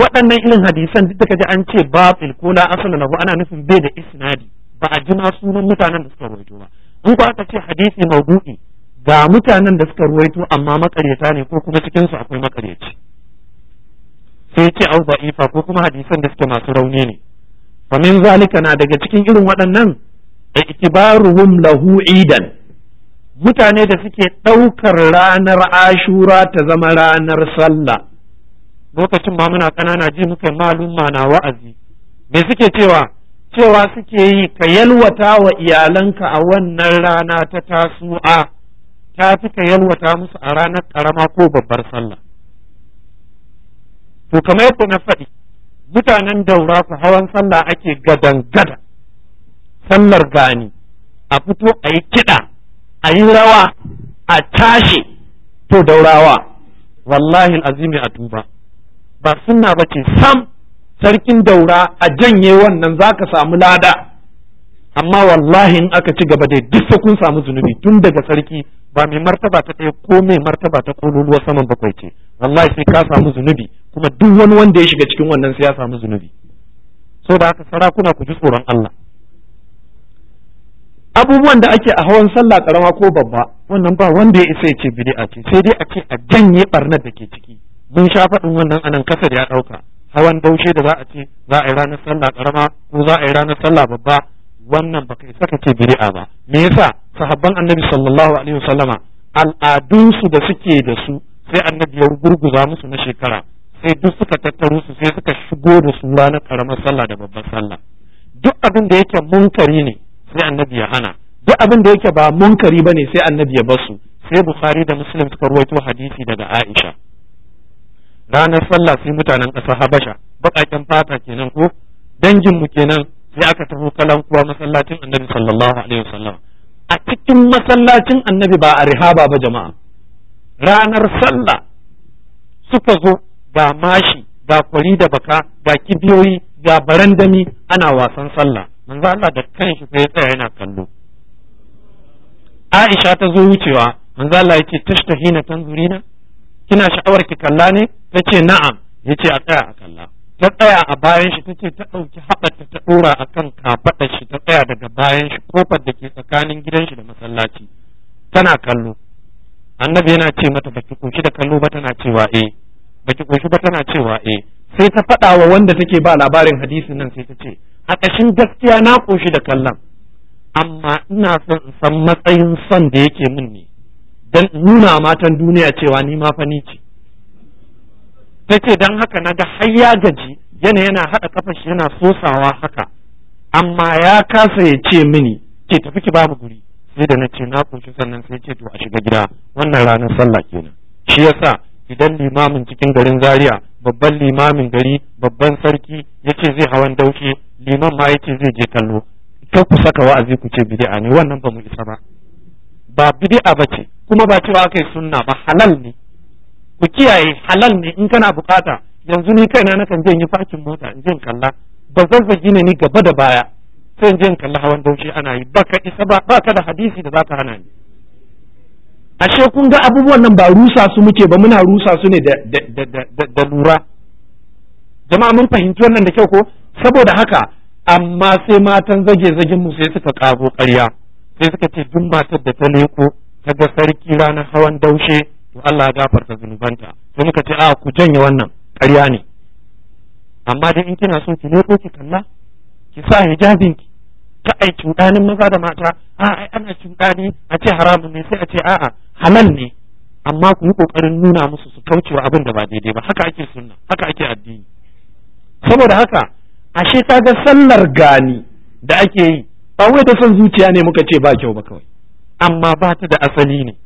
waɗannan irin hadisan duk da ji an ce batil ko la asala lahu ana nufin bai da isnadi ba a jima sunan mutanen da suka rawaito ba in ku aka ce hadisi maudu'i ga mutanen da suka ruwaito amma makaryata ne ko kuma cikin su akwai makaryaci sai ce au Ifa ko kuma hadisan da suke masu rauni ne fa min zalika na daga cikin irin waɗannan itibaruhum lahu idan mutane da suke ɗaukar ranar ashura ta zama ranar sallah lokacin ma muna ƙanana ji muka malumma na wa'azi me suke cewa cewa suke yi ka yalwata wa iyalanka a wannan rana ta tasu'a ta fi ka yalwata musu a ranar ƙarama ko babbar sallah to kamar yadda na faɗi mutanen daura ku hawan sallah ake gadan gada sallar gani a fito a yi kiɗa a yi rawa a tashi to daurawa wallahi azimi a tuba ba suna ba ce sam sarkin daura a janye wannan zaka samu lada amma wallahi in aka ci gaba dai duk sai kun samu zunubi tun daga sarki ba mai martaba ta ɗaya ko mai martaba ta kololuwa saman bakwai ce wallahi sai ka samu zunubi kuma duk wani wanda ya shiga cikin wannan sai ya samu zunubi so da haka sarakuna ku ji tsoron Allah abubuwan da ake a hawan sallah karama ko babba wannan ba wanda ya isa ya ce bid'a ce sai dai a ce a janye barnar da ke ciki mun sha faɗin wannan anan kasar ya ɗauka hawan daushe da za a ce za a yi ranar sallah karama ko za a yi ranar sallah babba wannan baka isa ka ce bid'a ba me yasa sahabban annabi sallallahu alaihi wasallama al'adunsu da suke da su sai annabi ya gurguza musu na shekara sai duk suka tattaro su sai suka shigo da su ranar karamar sallah da babbar sallah duk abin da yake munkari ne sai annabi ya hana duk abin da yake ba munkari ba ne sai annabi ya basu sai bukhari da muslim suka ruwaito hadisi daga aisha ranar sallah sai mutanen ƙasar habasha baƙaƙen fata kenan ko dangin mu kenan sai aka tafi kalan kuwa masallacin annabi sallallahu alaihi wasallam a cikin masallacin annabi ba a rihaba ba jama'a ranar sallah suka zo ga mashi ga kwari da baka ga kibiyoyi ga barandami ana wasan sallah manzo Allah da kanshi sai ya tsaya yana kallo Aisha ta zo wucewa manzo Allah yake tashtahina tanzurina kina sha'awar ki kalla ne tace na'am yace a tsaya a kalla ta tsaya a bayan shi ta ce ta ɗauki haɓata ta ɗora a kan kafaɗar shi ta tsaya daga bayan shi kofar da ke tsakanin gidan shi da masallaci tana kallo annabi yana ce mata baki ƙunshi da kallo ba tana cewa eh baki ƙunshi ba tana cewa eh sai ta faɗa wa wanda take ba labarin hadisin nan sai ta ce a ƙashin gaskiya na ƙunshi da kallon amma ina son in san matsayin son da yake min ne dan nuna matan duniya cewa ni ma fa ni ce ta ce don haka na ga har ya gaji yana yana haɗa ƙafa shi yana sosawa haka amma ya kasa ya ce mini ke tafi ki babu guri sai da na ce na kunshi sannan sai ce to a shiga gida wannan ranar sallah kenan shi yasa idan limamin cikin garin zaria babban limamin gari babban sarki ya ce zai hawan dauke liman ma ya ce zai je kallo ta ku saka wa'azi ku ce bidi'a ne wannan ba mu isa ba ba bidi'a ba ce kuma ba cewa aka yi sunna ba halal ne ku kiyaye halal ne in kana bukata yanzu ni kaina nakan je yi fakin mota in je kalla ba zazzagi ne ni gaba da baya sai in je kalla hawan daushe ana yi baka isa ba baka da hadisi da zaka hana ni ashe kun ga abubuwan nan ba rusa su muke ba muna rusa su ne da da da da lura jama'a mun fahimci wannan da kyau ko saboda haka amma sai matan zage zagen mu sai suka kago ƙarya sai suka ce duk matar da ta leko ta ga sarki ranar hawan daushe to Allah ya gafarta zunubanta sai muka ce a ku janye wannan ƙarya ne amma dai in kina so ki ko ki kalla ki sa hijabin ki ta ai cuɗanin maza da mata a ai ana cuɗani a ce haramun ne sai a ce a'a halal ne amma ku yi ƙoƙarin nuna musu su kaucewa abin da ba daidai ba haka ake sunna haka ake addini saboda haka ashe ta ga sallar gani da ake yi ba wai da son zuciya ne muka ce ba kyau ba kawai amma ba ta da asali ne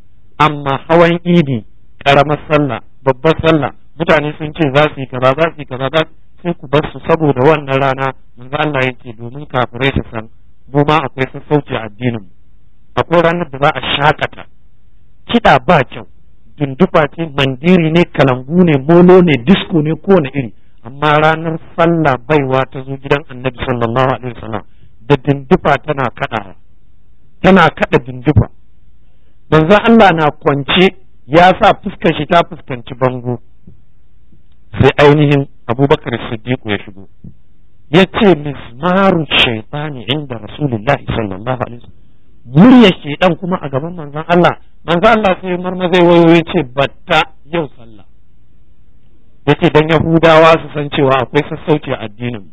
amma hawan idi karamar sallah babbar sallah mutane sun ce za su yi kaza za su yi kaza za sai ku bar su saboda wannan rana ga Allah yake domin kafirai su san mu ma akwai sassauci a addinin mu akwai ranar da za a shakata kiɗa ba kyau dundufa ce mandiri ne kalangu ne molo ne disko ne ko kowane iri amma ranar sallah baiwa ta zo gidan annabi sallallahu alaihi wasallam da dundufa tana kaɗa tana kaɗa dundufa manzon Allah na kwance ya sa fuskar shi ta fuskanci bango sai ainihin abubakar siddiq ya shigo ya ce mizmaru shaitani inda rasulullah sallallahu alaihi wasallam murya shaitan kuma a gaban manzon Allah manzon Allah sai marmaza wayo ya ce batta yau sallah yace dan yahudawa su san cewa akwai sassauci a addinin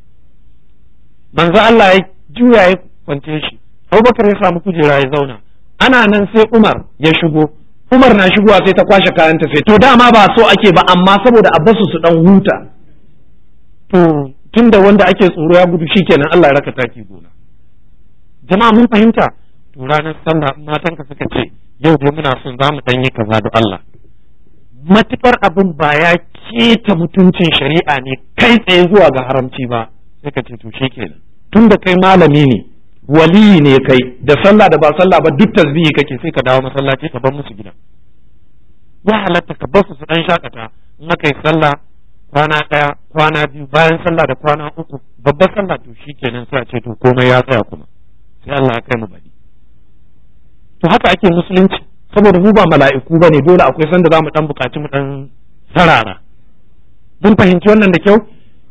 manzon Allah ya juya ya kwance shi Abubakar ya samu kujera ya zauna ana nan sai Umar ya shigo Umar na shigowa sai ta kwashe kayan ta sai to dama ba so ake ba amma saboda Abbasu su dan huta to tunda wanda ake tsoro ya gudu shikenan Allah ya raka taki gona jama'a mun fahimta to ranar sallah matan ka suka ce yau dai muna son zamu dan yi kaza da Allah matukar abin ba ya keta mutuncin shari'a ne kai tsaye zuwa ga haramci ba sai ka ce to shikenan tunda kai malami ne waliyi ne kai da sallah da ba sallah ba duk tasbihi kake sai ka dawo masallaci ka bar musu gida ya halatta ka bar su su dan shakata in aka yi sallah kwana daya kwana biyu bayan sallah da kwana uku babbar sallah to shikenan sai a ce to komai ya tsaya kuma sai Allah ya kai mu bari to haka ake musulunci saboda mu ba mala'iku bane dole akwai sanda za mu dan bukaci mu dan sarara mun fahimci wannan da kyau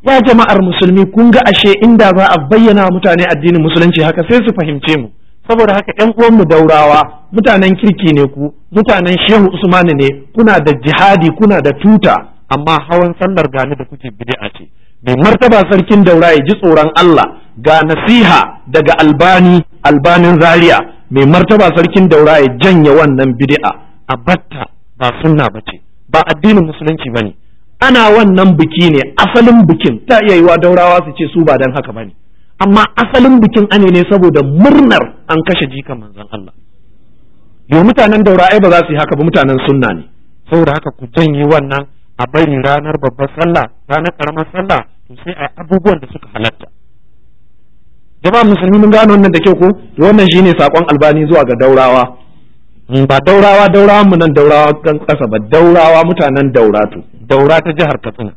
ya jama'ar musulmi kun ga ashe inda za a bayyana mutane addinin musulunci haka sai su fahimce mu saboda haka ƴan mu daurawa mutanen kirki ne ku mutanen shehu usmani ne kuna da jihadi kuna da tuta amma hawan sallar gani da kuke bid'a ce mai martaba sarkin daura ya ji tsoron Allah ga nasiha daga albani albanin zaria mai martaba sarkin daura ya janye wannan bid'a a batta ba sunna bace ba addinin musulunci bane ana wannan biki ne asalin bikin ta iya yiwa daurawa su ce su ba dan haka bane amma asalin bikin ane ne saboda murnar an kashe jikan manzon Allah yo mutanen daura ba za su yi haka ba mutanen sunna ne saboda haka ku janye wannan a bari ranar babbar sallah ranar karamar sallah to sai a abubuwan da suka halatta jama'a musulmi mun gano wannan da kyau ko to wannan shine sakon albani zuwa ga daurawa hmm, ba daurawa daurawan mu nan daurawa kan kasa ba daurawa mutanen dauratu daura ta jihar katsina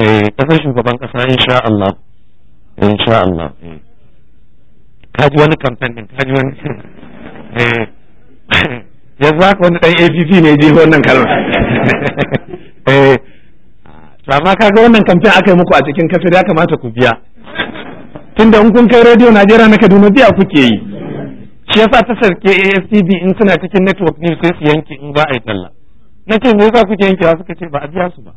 eh kasar shugaban kasa insha Allah insha Allah eh. kaji wani kamfen din kaji wani eh za ka wani dan APP ne je wannan kalmar eh to amma kaga wannan kamfen aka yi muku a cikin kafir ya kamata ku biya tunda in kun kai radio Najeriya na Kaduna biya kuke yi shi yasa ta sarke ASTV in suna cikin network ne sai su yanke in ba a yi talla na ce me yasa kuke yankewa suka ce ba a biya su ba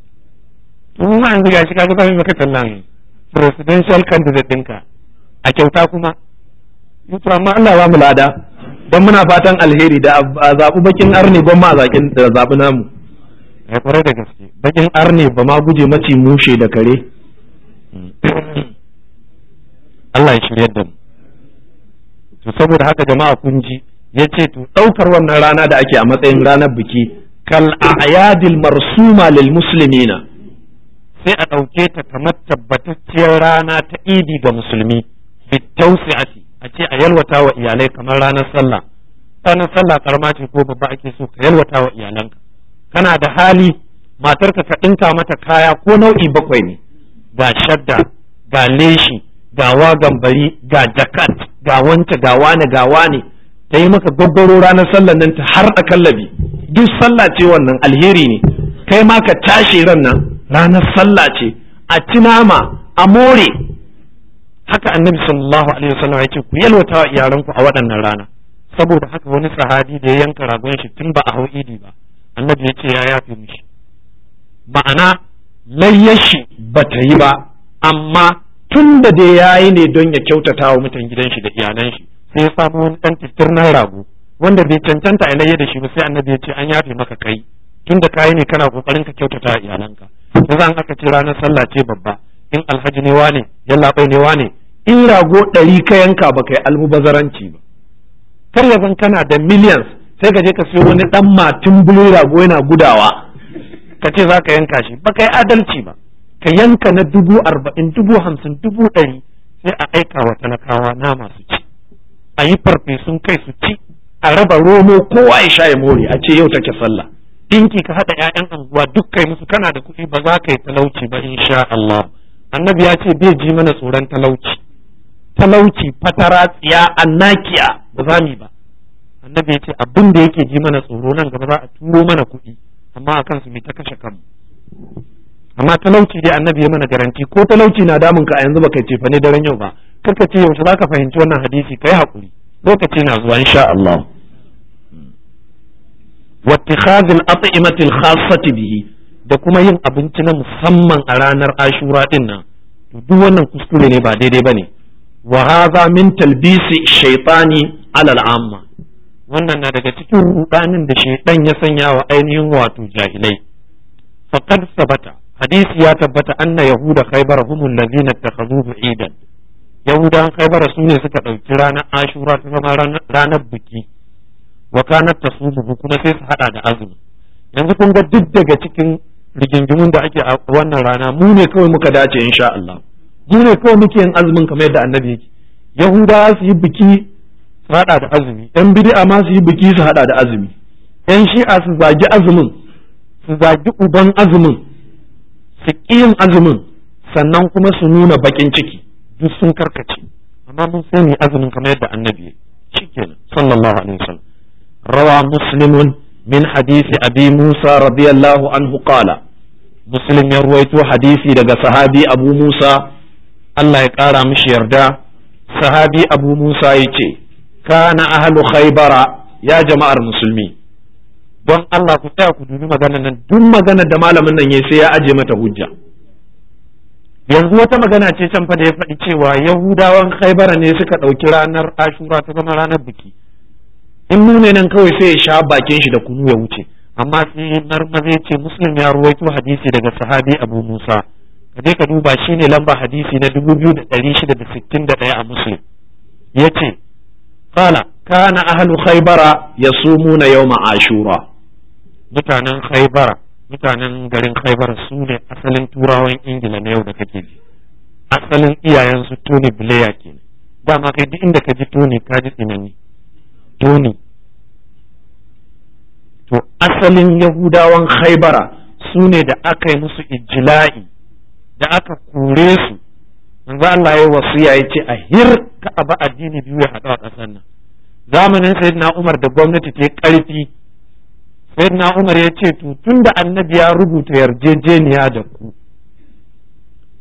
mun ma yanzu gashi kaga zamu maka tallan presidential candidate ɗinka a kyauta kuma mutu amma Allah ba mu lada don muna fatan alheri da a zaɓi bakin arne ban ma zaƙin da zaɓi namu ya kwarai da gaske bakin arne ba ma guje mace mushe da kare Allah ya shirya da mu saboda haka jama'a kun ji yace to ɗaukar wannan rana da ake a matsayin ranar biki kal a'yadil marsuma lil muslimina sai a ɗauke ta kamar tabbatacciyar rana ta idi ga musulmi Bittausi a ce a yalwata wa iyalai kamar ranar sallah ranar sallah karama ce ko babba ake so ka yalwata wa iyalanka kana da hali matarka ka ɗinka mata kaya ko nau'i bakwai ne ga shadda ga leshi ga wagan ga jakat ga wanta ga wane ga wane ta yi maka gwaggwaro ranar sallan nan ta har a kallabi duk sallah ce wannan alheri ne kai ma ka tashi ran nan ranar sallah ce a tinama a more haka annabi sallallahu alaihi wasallam yake ku yalwata wa iyalanku a waɗannan rana saboda haka wani sahabi da ya yanka ragon shi tun ba a hau idi ba annabi ya ce ya yafi mishi ma'ana layyashi ba ta yi ba amma tun da dai yayi ne don ya kyautata wa mutan gidan shi da iyalan shi sai ya samu wani ɗan titirnan rago wanda bai cancanta ilayya da shi ba sai annabi ya ce an yafe maka kai tunda kayi ne kana kokarin ka kyautata iyalanka yanzu an aka ce ranar sallah ce babba in alhaji ne wane yallaɓai ne wane in rago ɗari ka yanka ba kai almubazaranci ba kar ya zan kana da millions sai ka je ka siyo wani ɗan matin bulu rago yana gudawa ka ce za ka yanka shi ba kai adalci ba ka yanka na dubu arba'in dubu hamsin dubu ɗari sai a aika wa talakawa nama su ci a yi farfesun kai su ci a raba romo kowa ya shaye ya more a ce yau take sallah dinki ka haɗa ƴaƴan anguwa duk kai musu kana da kuɗi ba za ka yi talauci ba insha Allah annabi ya ce bai ji mana tsoron talauci talauci fatara tsiya annakiya ba za mu ba annabi ya ce abin da yake ji mana tsoro nan gaba za a turo mana kuɗi amma a kansu mai ta kashe kanmu amma talauci dai annabi ya mana garanti ko talauci na damun ka a yanzu baka ce fa ne daren yau ba Kar ka ce yaushe ka fahimci wannan hadisi kai hakuri lokaci na zuwa insha Allah wattikhadhil at'imatil khassati bihi da kuma yin abinci na musamman a ranar ashura din nan duk wannan kuskure ne ba daidai bane wa hadha min talbisi shaytani ala al'amma wannan na daga cikin rudanin da shaytan ya sanya wa ainihin wato jahilai faqad sabata hadisi ya tabbata anna yahuda khaybar humul ladina takhadhu idan yahudan khaybar su ne suka dauki ranar ashura ta zama ranar biki wa kanat tasumu kuma sai su hada da azumi yanzu kun ga duk daga cikin rigingimun da ake a wannan rana mu ne kawai muka dace insha Allah mu ne kawai muke yin azumin kamar yadda annabi yake yahuda su yi biki su hada da azumi yan bid'a ma su yi biki su hada da azumi yan shi'a su zagi azumin su zagi uban azumin su kiyin azumin sannan kuma su nuna bakin ciki duk sun karkace amma mun sai mu azumin kamar yadda annabi yake shikenan sallallahu alaihi wasallam روى مسلم من حديث أبي موسى رضي الله عنه قال مسلم يرويت حديثي لقى صحابي أبو موسى الله yarda مش يرجع صحابي أبو موسى يتي كان أهل خيبر يا جماعة المسلمين don Allah ku tsaya ku dubi magana nan duk magana da malamin nan ya sai ya aje mata hujja yanzu wata magana ce can fa da ya faɗi cewa yahudawan khaibara ne suka ɗauki ranar ashura ta zama ranar biki in nuna nan kawai sai ya sha bakin shi da kunu ya wuce amma sai narmaza ya ce muslim ya ruwaito hadisi daga sahabi abu musa kaje ka duba shine lamba hadisi na 2661 a muslim yace qala kana ahlu khaybara yasumuna yawma ashura mutanen khaybara mutanen garin khaybara su ne asalin turawan ingila na yau da kake ji asalin iyayensu su tony blair kenan dama kai duk inda ka ji tony ka ji tsinani fito to asalin yahudawan haibara su ne da aka yi musu ijila'i da aka kure su manzo Allah ya wasu yayi ce a hir ka a addini biyu ya haɗu a ƙasar nan zamanin sayyidina Umar da gwamnati ta ƙarfi sayyidina Umar ya ce to tunda annabi ya rubuta yarjejeniya da ku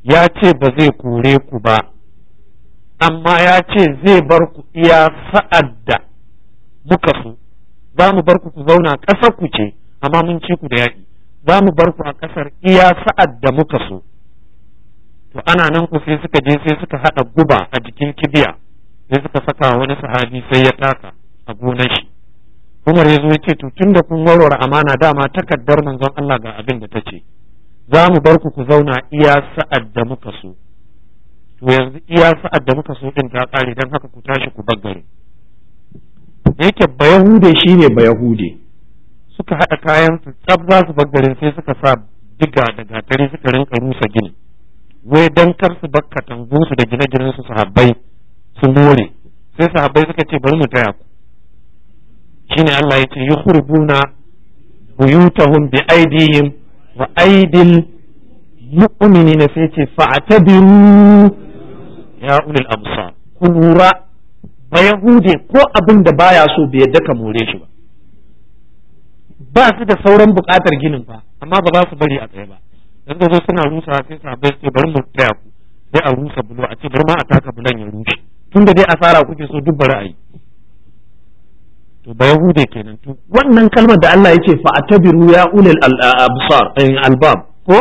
ya ce ba zai kore ku ba amma ya ce zai bar ku iya sa'adda. muka su za mu bar ku ku zauna ƙasar ku ce amma mun ci ku da yaƙi za mu bar ku a ƙasar iya sa'ad da muka so to ana nan ku sai suka je sai suka haɗa guba a jikin kibiya sai suka saka wani sahabi sai ya taka a gonar shi Umar ya zo ya ce to da kun warware amana dama takaddar manzon Allah ga abin da ta ce za mu bar ku ku zauna iya sa'ad da muka so to yanzu iya sa'ad da muka so din ta ƙare don haka ku tashi ku baggare da yake bayahude shine bayahude suka haɗa kayan su tsab za su bar sai suka sa diga da gatari suka rinka rusa gini wai dan kar su bakka tangunsu da gine-ginen su sahabbai su more sai sahabbai suka ce bari mu taya ku shine Allah ya ce yukhribuna buyutahum bi aidihim wa aidil mu'minina sai ce fa'tabiru ya ulil absar ku lura ba yahude ko abin da baya so bai yadda ka more shi ba ba su da sauran bukatar ginin ba amma ba za su bari a tsaye ba dan da suna rusa sai bai sai bari mu tsaya ku sai a rusa bulo a ce bari ma a taka bulan ya rushe tunda dai asara kuke so duk bari a yi to ba yahude kenan to wannan kalmar da Allah yake fa atabiru ya ulil absar eh, albab ko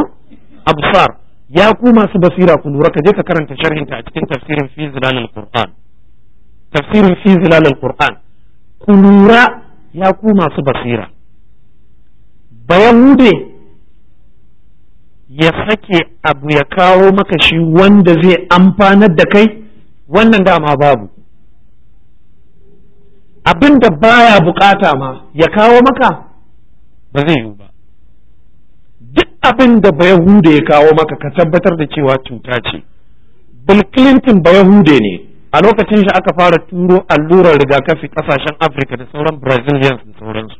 absar ya ku masu basira ku lura ka je ka karanta sharhinta a cikin tafsirin fi zilalil qur'an tafsirin fi zilal alquran ku lura ya ku masu basira Bayan bayahude ya sake abu ya kawo maka shi wanda zai amfanar da kai wannan dama babu abin da baya bukata ma ya kawo maka ba zai yiwu ba duk abin da bayahude ya kawo maka ka tabbatar da cewa cuta ce bill clinton bayahude ne a lokacin shi aka fara turo allurar rigakafi kasashen afirka da sauran brazilians da sauransu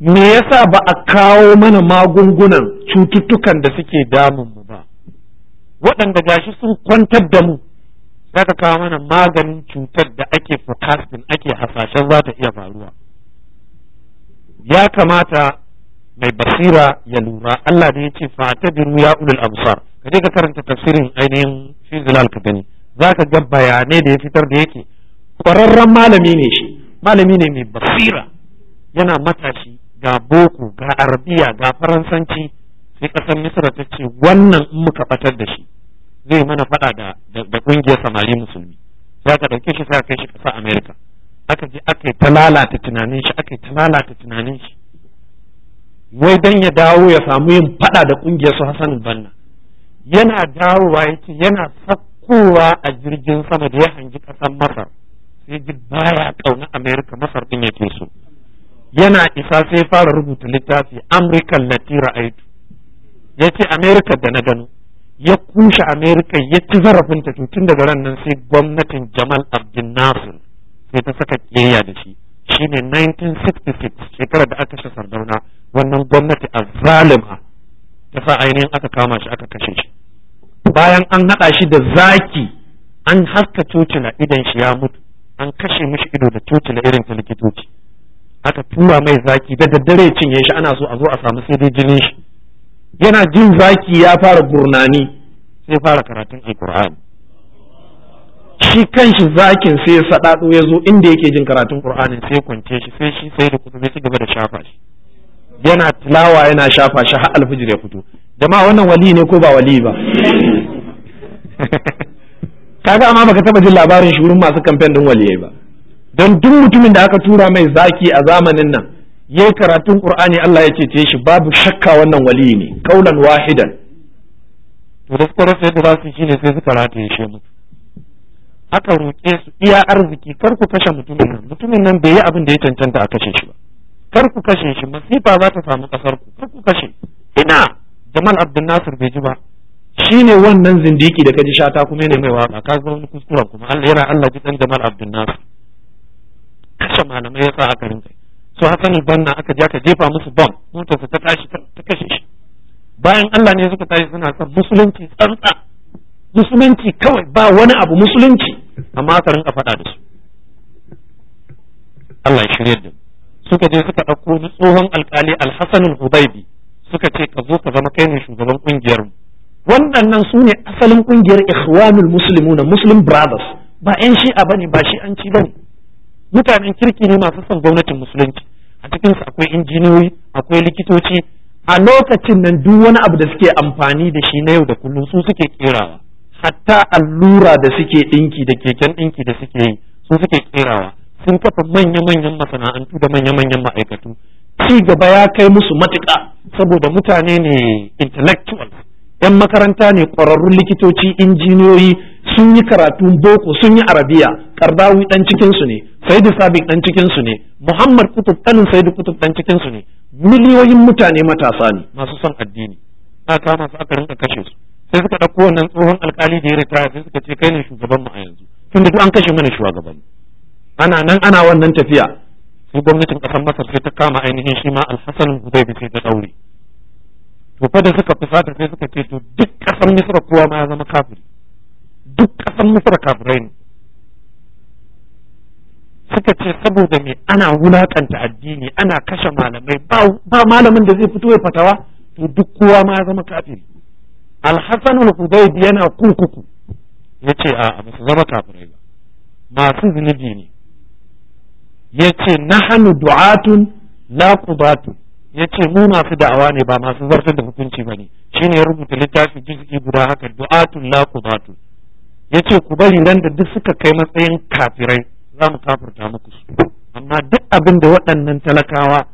me yasa ba a kawo mana magungunan cututtukan da suke damunmu ba waɗanda gashi sun kwantar da mu za ka kawo mana maganin cutar da ake forecasting ake hasashen za ta iya faruwa ya kamata mai basira ya lura Allah da ya ce fa'tabiru ya ulul amsar ka je ka karanta tafsirin ainihin shi zilal ka za ka ga bayanai da ya fitar da yake kwararren malami ne shi malami ne mai basira yana matashi ga boko ga arabiya ga faransanci sai kasar misra ta ce wannan in muka batar da shi zai mana fada da da kungiyar samari musulmi za ka dauke shi sai kai shi kasa america aka je aka yi ta tunanin shi aka yi ta lalata tunanin shi wai dan ya dawo ya samu yin fada da kungiyar su hasan banna yana dawowa ya ce yana sakkowa a jirgin sama da ya hangi ƙasar masar sai ji baya ƙauna amerika masar ɗin yake so yana isa sai fara rubuta littafi amurkan latira aitu ya ce amerika da na gano ya kushe amerika ya ci zarafinta tun daga ran nan sai gwamnatin jamal abdin nasir sai ta saka kiyayya da shi shine 1966 shekarar da aka shi sardauna wannan gwamnati a zalima ta sa ainihin aka kama shi aka kashe shi bayan an haɗa shi da zaki an haska tutula idan shi ya mutu an kashe mishi ido da tutula irin ta likitoci aka tura mai zaki da daddare cinye shi ana so a zo a samu sai dai jinin shi yana jin zaki ya fara gurnani sai fara karatun alkur'ani shi kanshi zakin sai ya saɗaɗo ya zo inda yake jin karatun qur'anin sai kwance shi sai shi sai da kusa zai ci gaba da shafa shi yana tilawa yana shafa shi har alfijir ya fito jama'a wannan wali ne ko ba wali ba kaga amma baka taba jin labarin shi wurin masu kamfen din waliyai ba don duk mutumin da aka tura mai zaki a zamanin nan yayi karatun qur'ani Allah ya ce shi babu shakka wannan wali ne kaulan wahidan to da suka rasa yadda zasu su shine sai suka rataye shi aka roƙe su iya arziki kar ku kashe mutumin nan mutumin nan bai yi abin da ya cancanta a kashe shi ba kar ku kashe shi masifa za ta samu kasar ku kar ku kashe ina Jamal Abdul Nasir bai ji ba shine wannan zindiki da kaji shata kuma yana mai waka ka zo kuskuren kuma Allah yana Allah ji Jamal Abdul Nasir kashe malamai ya sa aka rinka so Hassan banna aka je aka jefa musu ban mota ta tashi ta kashe shi bayan Allah ne suka tashi suna san musulunci tsantsa musulunci kawai ba wani abu musulunci amma aka rinka faɗa da su Allah ya shirye da suka je suka ɗauko wani tsohon alkali alhassan hudaibi suka ce ka zo ka zama kai ne shugaban kungiyar wannan su ne asalin kungiyar ikhwanul na muslim brothers ba yan shi'a bane ba shi'anci bane mutanen kirki ne masu son gwamnatin musulunci a cikin su akwai injiniyoyi akwai likitoci a lokacin nan duk wani abu da suke amfani da shi na yau da kullum su suke kerawa hatta allura da suke ɗinki da keken ɗinki da suke yi su suke ƙerawa. sun kafa manya-manyan masana'antu da manya-manyan ma'aikatu ci gaba ya kai musu matuƙa saboda mutane ne intellectual. yan makaranta ne ƙwararrun likitoci injiniyoyi sun yi karatu boko sun yi arabiya kardawi dan cikin su ne saidu sabiq ɗan cikin su ne muhammad kutub ɗanin saidu kutub dan cikin su ne miliyoyin mutane matasa ne masu son addini na kama su aka rinka kashe su sai suka ɗauko wannan tsohon alkali da ya ritaya sai suka ce kai ne shugaban mu a yanzu Tun da an kashe mana shuwagabanni. ana nan ana wannan tafiya su gwamnatin ƙasar masar sai ta kama ainihin shi ma alhassan bi sai ta ɗaure to fa da suka fusata sai suka ce to duk kasar misr kowa ma ya zama kafiri duk kasar misr kafirai ne suka ce saboda me ana wulakanta addini ana kashe malamai ba malamin da zai fito ya fatawa to duk kowa ma ya zama kafiri alhassan al biyana yana kurkuku yace a ba su zama kafirai ba masu zunubi ne yace hannu du'atun la ya yace mu masu da'awa ne ba masu zartar da hukunci ba shi shine ya rubuta littafi juz'i guda haka du'atun la ya yace ku bari nan da duk suka kai matsayin kafirai za mu kafirta muku su amma duk abin da waɗannan talakawa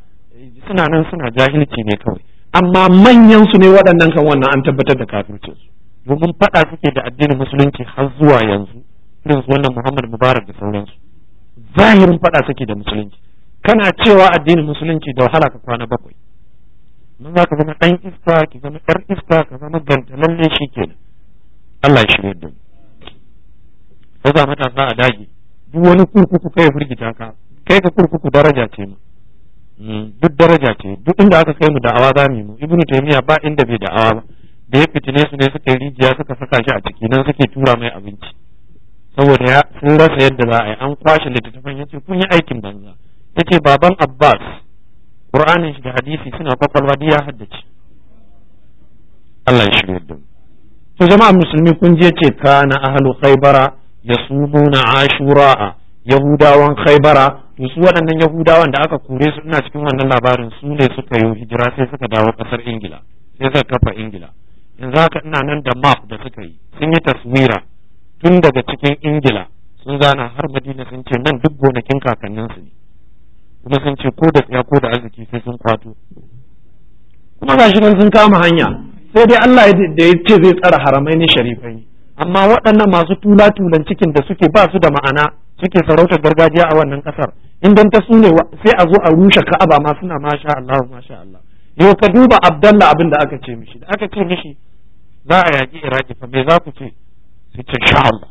suna nan suna jahilci ne kawai amma manyan su ne waɗannan kan wannan an tabbatar da kafircin su domin faɗa suke da addinin musulunci har zuwa yanzu irin su wannan Muhammad Mubarak da sauransu zahirin faɗa suke da musulunci kana cewa addinin musulunci da wahala ka kwana bakwai mun za ka zama ɗan iska ki zama ɗan iska ka zama lalle shi ke Allah ya shirya da mu ko za matasa a dage duk wani kurkuku kai firgita ka kai ka kurkuku daraja ce mu hmm, duk daraja ce duk inda aka kai mu da'awa za mu ibnu taymiya ba inda bai da'awa ba da ya fitine su ne suka yi rijiya suka saka shi a ciki nan suke tura mai abinci saboda ya sun rasa yadda za a yi an kwashe littattafan ya ce kun yi aikin banza ya ce baban abbas ƙur'anin shi da hadisi suna kwakwalwa da ya haddace Allah ya shirya da to jama'a musulmi kun je ce kana ahlu khaybara yasumuna a yahudawan khaibara to su waɗannan yahudawan da aka kure su ina cikin wannan labarin su ne suka yi hijira sai suka dawo ƙasar ingila sai suka kafa ingila yanzu haka ina nan da map da suka yi sun yi taswira tun daga cikin ingila sun zana har madina sun ce nan duk gonakin kakanninsu ne kuma sun ce ko da tsaya ko da arziki sai sun kwato kuma ga shi sun kama hanya sai dai Allah da ya ce zai tsara haramai ne sharifai amma waɗannan masu tula tulan cikin da suke ba su da ma'ana suke sarautar gargajiya a wannan ƙasar in dan ta sune sai a zo a rushe Ka'aba ma suna masha Allah masha Allah yau ka duba Abdallah abin da aka ce mishi da aka ce mishi za a yaƙi Iraki fa me za ku ce sai ce insha Allah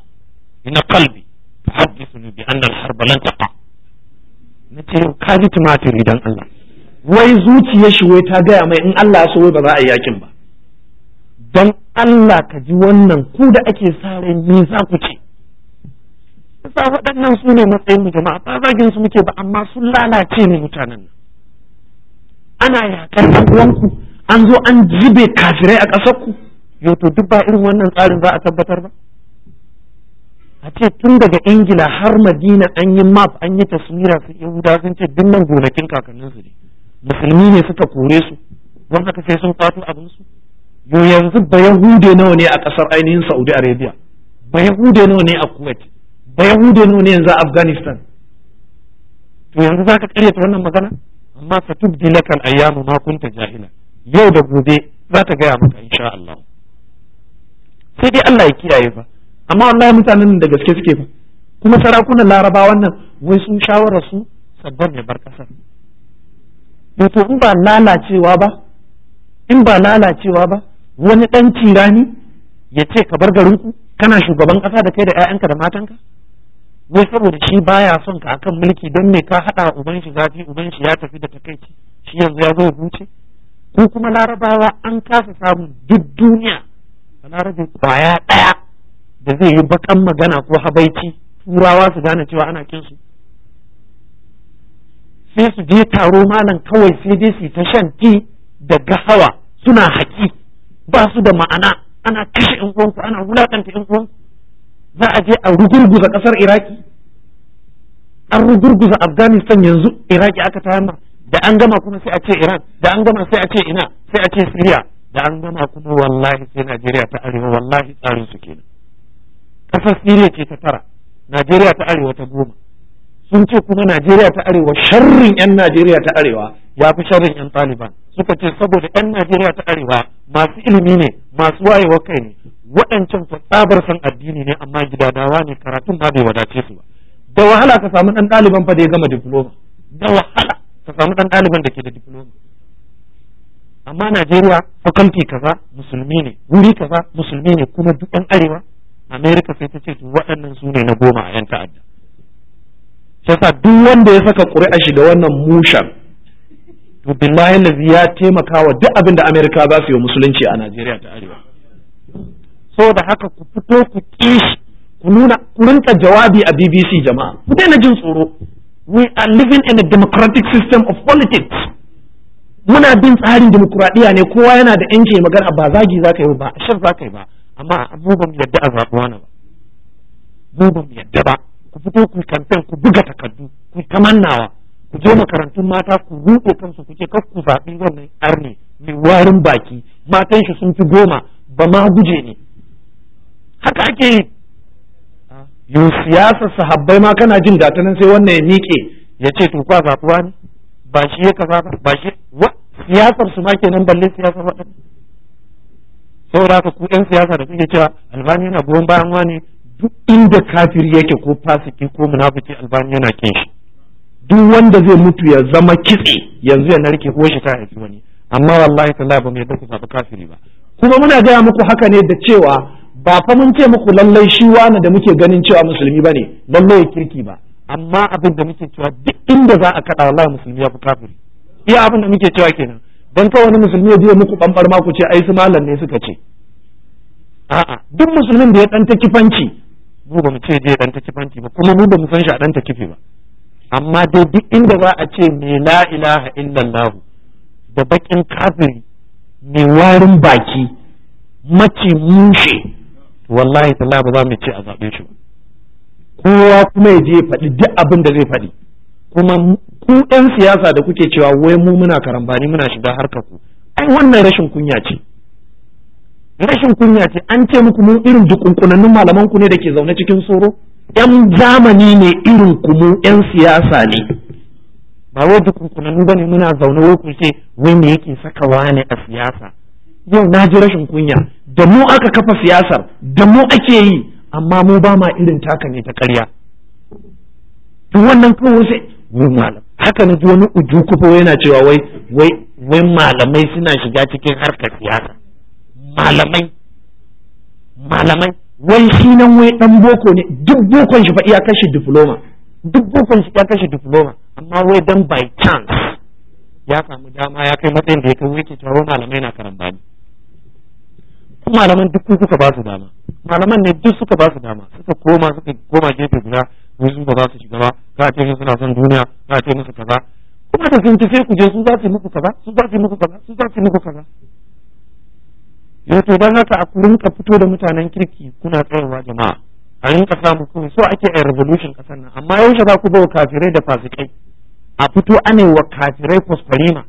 ina kalbi tuhaddithuni bi anna al-harba lan taqa nace ka ji tumatir idan Allah wai zuciyar shi wai ta gaya mai in Allah so wai ba za a yi yakin ba don Allah ka ji wannan ku da ake sa ran me za ku ce sa waɗannan su ne matsayin mu jama'a ba zagin su muke ba amma sun lalace ne mutanen nan ana yaƙar ɗan uwanku an zo an jibe kafirai a ƙasar ku yau duk ba irin wannan tsarin za a tabbatar ba a ce tun daga ingila har madina an yi map an yi taswira su yahuda sun ce duk nan gonakin kakanninsu ne musulmi ne suka kore su don haka sai sun kwato abinsu yo yanzu ba yahude nawa ne a kasar ainihin saudi arabia ba yahude nawa ne a kuwait ba yahude nawa ne yanzu afghanistan to yanzu za ka karyata wannan magana amma ka tubdi lakal ayyamu ma kunta jahila yau da gobe za ta gaya maka insha Allah sai dai Allah ya kiyaye ba. amma wallahi mutanen da gaske suke ba kuma sarakunan larabawan nan wai sun shawarar su sabbar ne bar kasar eh to in ba lalacewa ba in ba lalacewa ba wani dan tirani ya ce ka bar garin ku kana shugaban kasa da kai da ƴaƴanka da matanka wai saboda shi baya son ka akan mulki don me ka hada uban shi zafi uban shi ya tafi da takaici shi yanzu ya zo ya huce ko kuma larabawa an kasa samun duk duniya larabi kwaya ɗaya. da zai yi bakan magana ko habaici turawa su gane cewa ana kin sai su je taro malam kawai sai dai su ta shan ti da gahawa suna haƙi ba su da ma'ana ana kashe yan uwanku ana wulaƙanta yan uwanku za a je a rugurguza ƙasar iraki an rugurguza afghanistan yanzu iraki aka tayar da an gama kuma sai a ce iran da an gama sai a ce ina sai a ce siriya da an gama kuma wallahi sai najeriya ta arewa wallahi tsarin su kenan kasar siriya ce ta tara najeriya ta arewa ta goma sun ce kuma najeriya ta arewa sharrin yan najeriya ta arewa ya fi sharrin yan taliban suka ce saboda yan najeriya ta arewa masu ilimi ne masu wayewa kai ne waɗancan fa san addini ne amma gidadawa ne karatun ba bai wadace su ba da wahala ka samu ɗan ɗaliban fa da ya gama diploma da wahala ka samu ɗan ɗaliban da ke da diploma amma Najeriya faculty kaza musulmi ne wuri kaza musulmi ne kuma duk ɗan arewa Amerika sai ta ce waɗannan su ne na goma a 'yan ta'adda sasa duk wanda ya saka ƙuri'a shi wannan mushan to billahi lazi ya taimaka wa duk abin da amerika za su yi musulunci a najeriya ta arewa saboda haka ku fito ku kishi ku nuna ku rinka jawabi a bbc jama'a ku daina jin tsoro we are living in a democratic system of politics muna bin tsarin dimokuraɗiyya ne kowa yana da yanci magana ba zagi za ka yi ba a shan za ka yi ba amma mu ba mu yadda a zaɓi wani ba mu ba mu yadda ba ku fito ku kamfen ku buga takardu ku kamannawa ku je makarantun mata ku rufe kansu ku ce kar ku zaɓi wannan arne mai warin baki matan shi sun fi goma ba ma guje ne haka ake yi yau siyasar sahabbai ma kana jin gata nan sai wannan ya miƙe ya ce to ba zaɓuwa ne ba shi ya kaza ba ba shi siyasar su ma kenan balle siyasar waɗanda saboda haka ku yan siyasa da kuke cewa albani yana goyon bayan wani duk inda kafiri yake ko fasiki ko munafiki albani yana kin shi duk wanda zai mutu ya zama kitse yanzu ya narke ko shi ta haifi wani amma wallahi tallahi ba mu yadda ba kafiri ba kuma muna gaya muku haka ne da cewa ba fa mun ce muku lallai shi wani da muke ganin cewa musulmi bane lallai ya kirki ba amma abin da muke cewa duk inda za a kaɗa wallahi musulmi ya fi kafiri iya abin da muke cewa kenan ban ka wani musulmi ya je muku bambar ma ku ce ai su malam ne suka ce a'a duk musulmin da ya dan ta kifanci mu ba mu ce je dan ta kifanci ba kuma mu ba mu san shi a dan ta kifi ba amma dai duk inda za a ce me la ilaha illallah da bakin kafiri me warin baki mace mushe wallahi ta ba za mu ce a zabe shi ba kowa kuma ya je faɗi duk abin da zai faɗi kuma ku ɗan siyasa da kuke cewa wai mu muna karambani muna shiga harkar ku ai wannan rashin kunya ce rashin kunya ce an ce muku mu irin dukunkunannun malaman ku ne da ke zaune cikin tsoro yan zamani ne irin ku mu yan siyasa ne ba wai dukunkunannu ba ne muna zaune wai ku ce wai me yake sakawa ne a siyasa yau na ji rashin kunya da mu aka kafa siyasar da mu ake yi amma mu ba ma irin taka ne ta karya to wannan kawai sai wai malam haka na ji wani uju kufa yana cewa wai wai wai malamai suna shiga cikin harkar siyasa malamai malamai wai shi nan wai dan boko ne duk bokon shi fa iya kashe diploma duk bokon shi ya kashe diploma amma wai dan by chance ya samu dama ya kai matsayin da ya kai wuce cewa malamai na karamba ne malaman duk suka ba su dama malaman ne duk suka ba su dama suka koma suka koma gefe guda in su ba za su shiga ba za a ce musu suna son duniya a ce musu kaza kuma da sun sai ku je su za su muku kaza su za su muku kaza su za su muku kaza yau to dan haka a rinka fito da mutanen kirki kuna tsayawa jama'a a rinka samu kuma so ake a revolution kasar nan amma yau za ku bawa kafirai da fasikai a fito ane wa kafirai kuskurima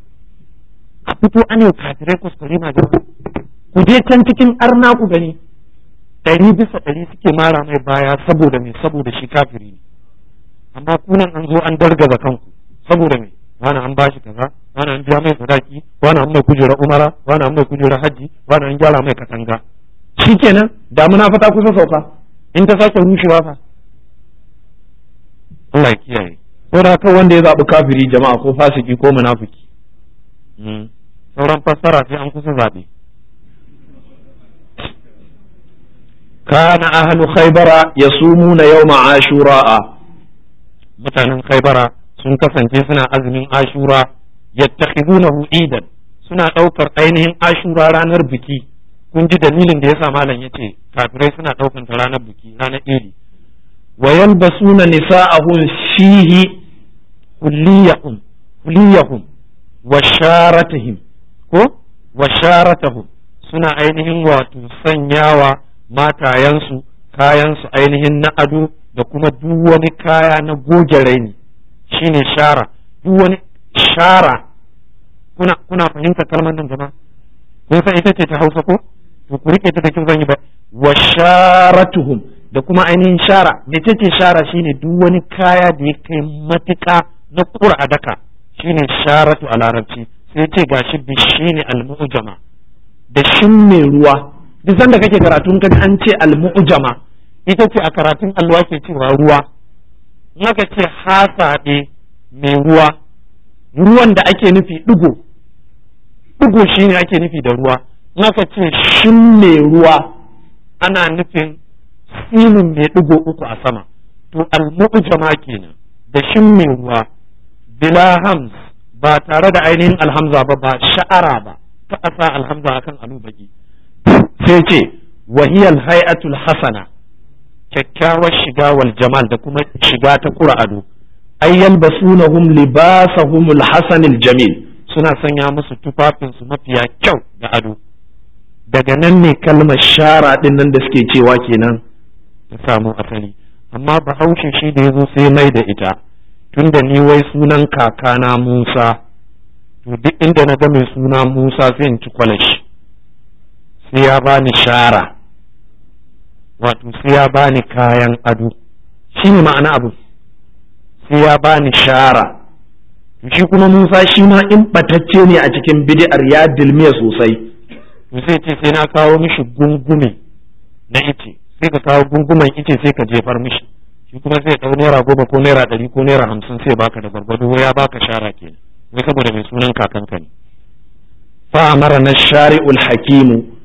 a fito ane wa kafirai kuskurima jama'a ku je can cikin arna ku gani ɗari bisa ɗari suke mara mai baya saboda me saboda shi kafiri ne amma kunan an zo an dargaza kanku saboda me wani an bashi kaza wani an biya mai sadaki wani an mai kujera umara wani an mai kujera hajji wani an gyara mai katanga shikenan damuna fa ta kusa sauka in ta sake rushewa fa Allah ya kiyaye ko da kan wanda ya zabi kafiri jama'a ko fasiki ko munafiki hmm. sauran fassara sai an kusa zaɓe. kana ahlu khaybara yasumuna yawma ashura mutanen khaibara sun kasance suna azumin ashura yattakhidunahu idan suna ɗaukar ainihin ashura ranar biki kun ji dalilin da yasa malam ya ce? kafirai suna daukan ta ranar biki ranar idi wa yalbasuna nisa'ahum fihi kulliyahum kulliyahum wa sharatihim ko wa sharatahum suna ainihin wato sanyawa matayensu kayansu ainihin na ado da kuma duk wani kaya na goge raini shine shara duk wani shara kuna kuna fahimta kalmar nan jama'a kun san ita ce ta Hausa ko to ku rike ta da kin zan yi ba wa sharatuhum da kuma ainihin shara mecece shara shine duk wani kaya da ya kai matuƙa na kura daka shine sharatu a larabci sai ce gashi bishine al-mujama da shin mai ruwa duk da kake karatun kaji an ce al-mu'jama ita ce a karatun alwa ke cewa ruwa naka ce hasa ne mai ruwa ruwan da ake nufi dugo dugo shine ake nufi da ruwa naka ce shin mai ruwa ana nufin sinin mai dugo uku a sama to al-mu'jama kenan da shin mai ruwa bila hams ba tare da ainihin alhamza ba ba sha'ara ba ta asa alhamza akan alubaki sai ce wahiyal hay'atul hasana kyakkyawar shiga wal jamal da kuma shiga ta qur'anu ado basunahum yalbasunahum libasahumul hasanil jamil suna sanya musu tufafin su mafiya kyau da ado daga nan ne kalmar shara din nan da suke cewa kenan ta samu asali amma bahaushe shi da yazo sai mai da ita tunda ni wai sunan kakana Musa to duk inda na ga mai suna Musa sai in ci kwalashi sai ya bani shara wato sai ya ni kayan ado shi ne ma'ana abu sai ya bani shara shi kuma Musa shi ma in batacce ne a cikin bidiyar ya dilmiya sosai to sai ce sai na kawo mishi gungume na ice sai ka kawo gungumen ice sai ka jefar mishi shi kuma sai ɗau naira goma ko naira ɗari ko naira hamsin sai baka da gwargwado ya baka shara kenan wai saboda mai sunan kakanka ne fa amara na shari'ul hakimu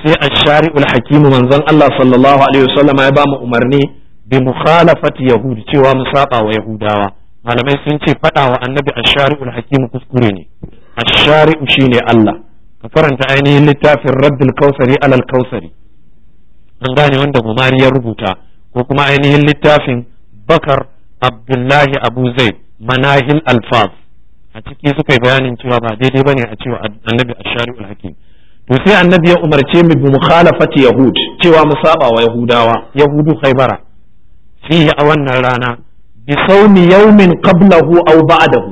sai ash-shari'ul hakimu manzon Allah sallallahu alaihi wasallam ya ba mu umarni bi mukhalafati yahudi cewa mu saba wa yahudawa malamai sun ce fada wa annabi ash-shari'ul hakimu kuskure ne ash-shari'u shine Allah ka faranta ainihin littafin raddul kausari alal kausari an gane wanda gumari ya rubuta ko kuma ainihin littafin bakar abdullahi abu zaid manahil alfaz a ciki suka yi bayanin cewa ba daidai bane a cewa annabi ashari'ul hakim to sai annabi ya umarce mu bi mukhalafati yahud cewa mu saba wa yahudawa yahudu khaybara fihi a wannan rana bi sauni yawmin qablahu aw ba'dahu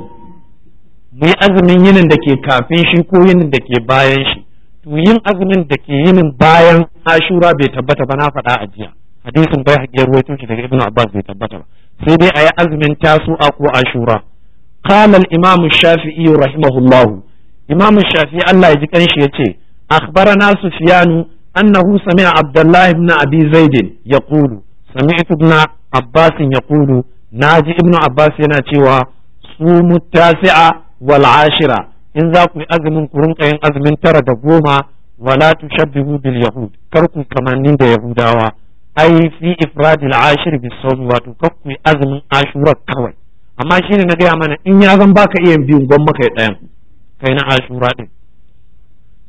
mu yi azumin yinin da ke kafin shi ko yinin da ke bayan shi to yin azumin da ke yinin bayan ashura bai tabbata ba na faɗa a jiya hadisin bai hakiyar ruwaito shi daga ibnu abbas bai tabbata ba sai dai a yi azumin tasu'a ko ashura qala al imam shafi'i rahimahullahu imam shafi'i Allah ya ji kanshi yace أخبرنا سفيان أنه سمع عبد الله بن أبي زيد يقول سمعت ابن عباس يقول ناجي ابن عباس يناتيوا صوم التاسعة والعاشرة إن ذاك أزم قرون أين أزم ترى دقوما ولا تشبهوا باليهود كركم كمان نين يهوداوا أي في إفراد العاشر بالصوم وتكفوا أزم عاشورة كوي أما شيء نجي أمانا إن يزم باك إيم بيون بمك إيم كينا عاشورة دي.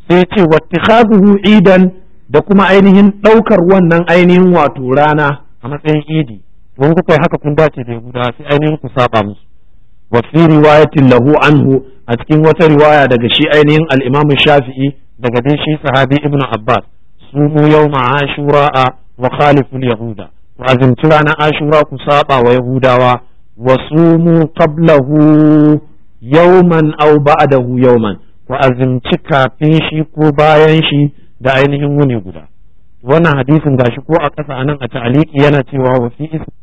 sai ce wattikhadhu idan da kuma ainihin daukar wannan ainihin wato rana a matsayin idi don kuka haka kun dace da yahuda sai ainihin ku saba musu wa fi riwayatin lahu anhu a cikin wata riwaya daga shi ainihin al-Imam Shafi'i daga dai shi sahabi Ibn Abbas sumu yawma ashura wa khalifu yahuda wa azimci ranar ashura ku saba wa yahudawa wa sumu qablahu yawman aw ba'dahu yawman wa azimci kafin shi ko bayan shi da ainihin wuni guda wannan hadisin gashi ko a ƙasa nan a ta'aliki yana cewa wa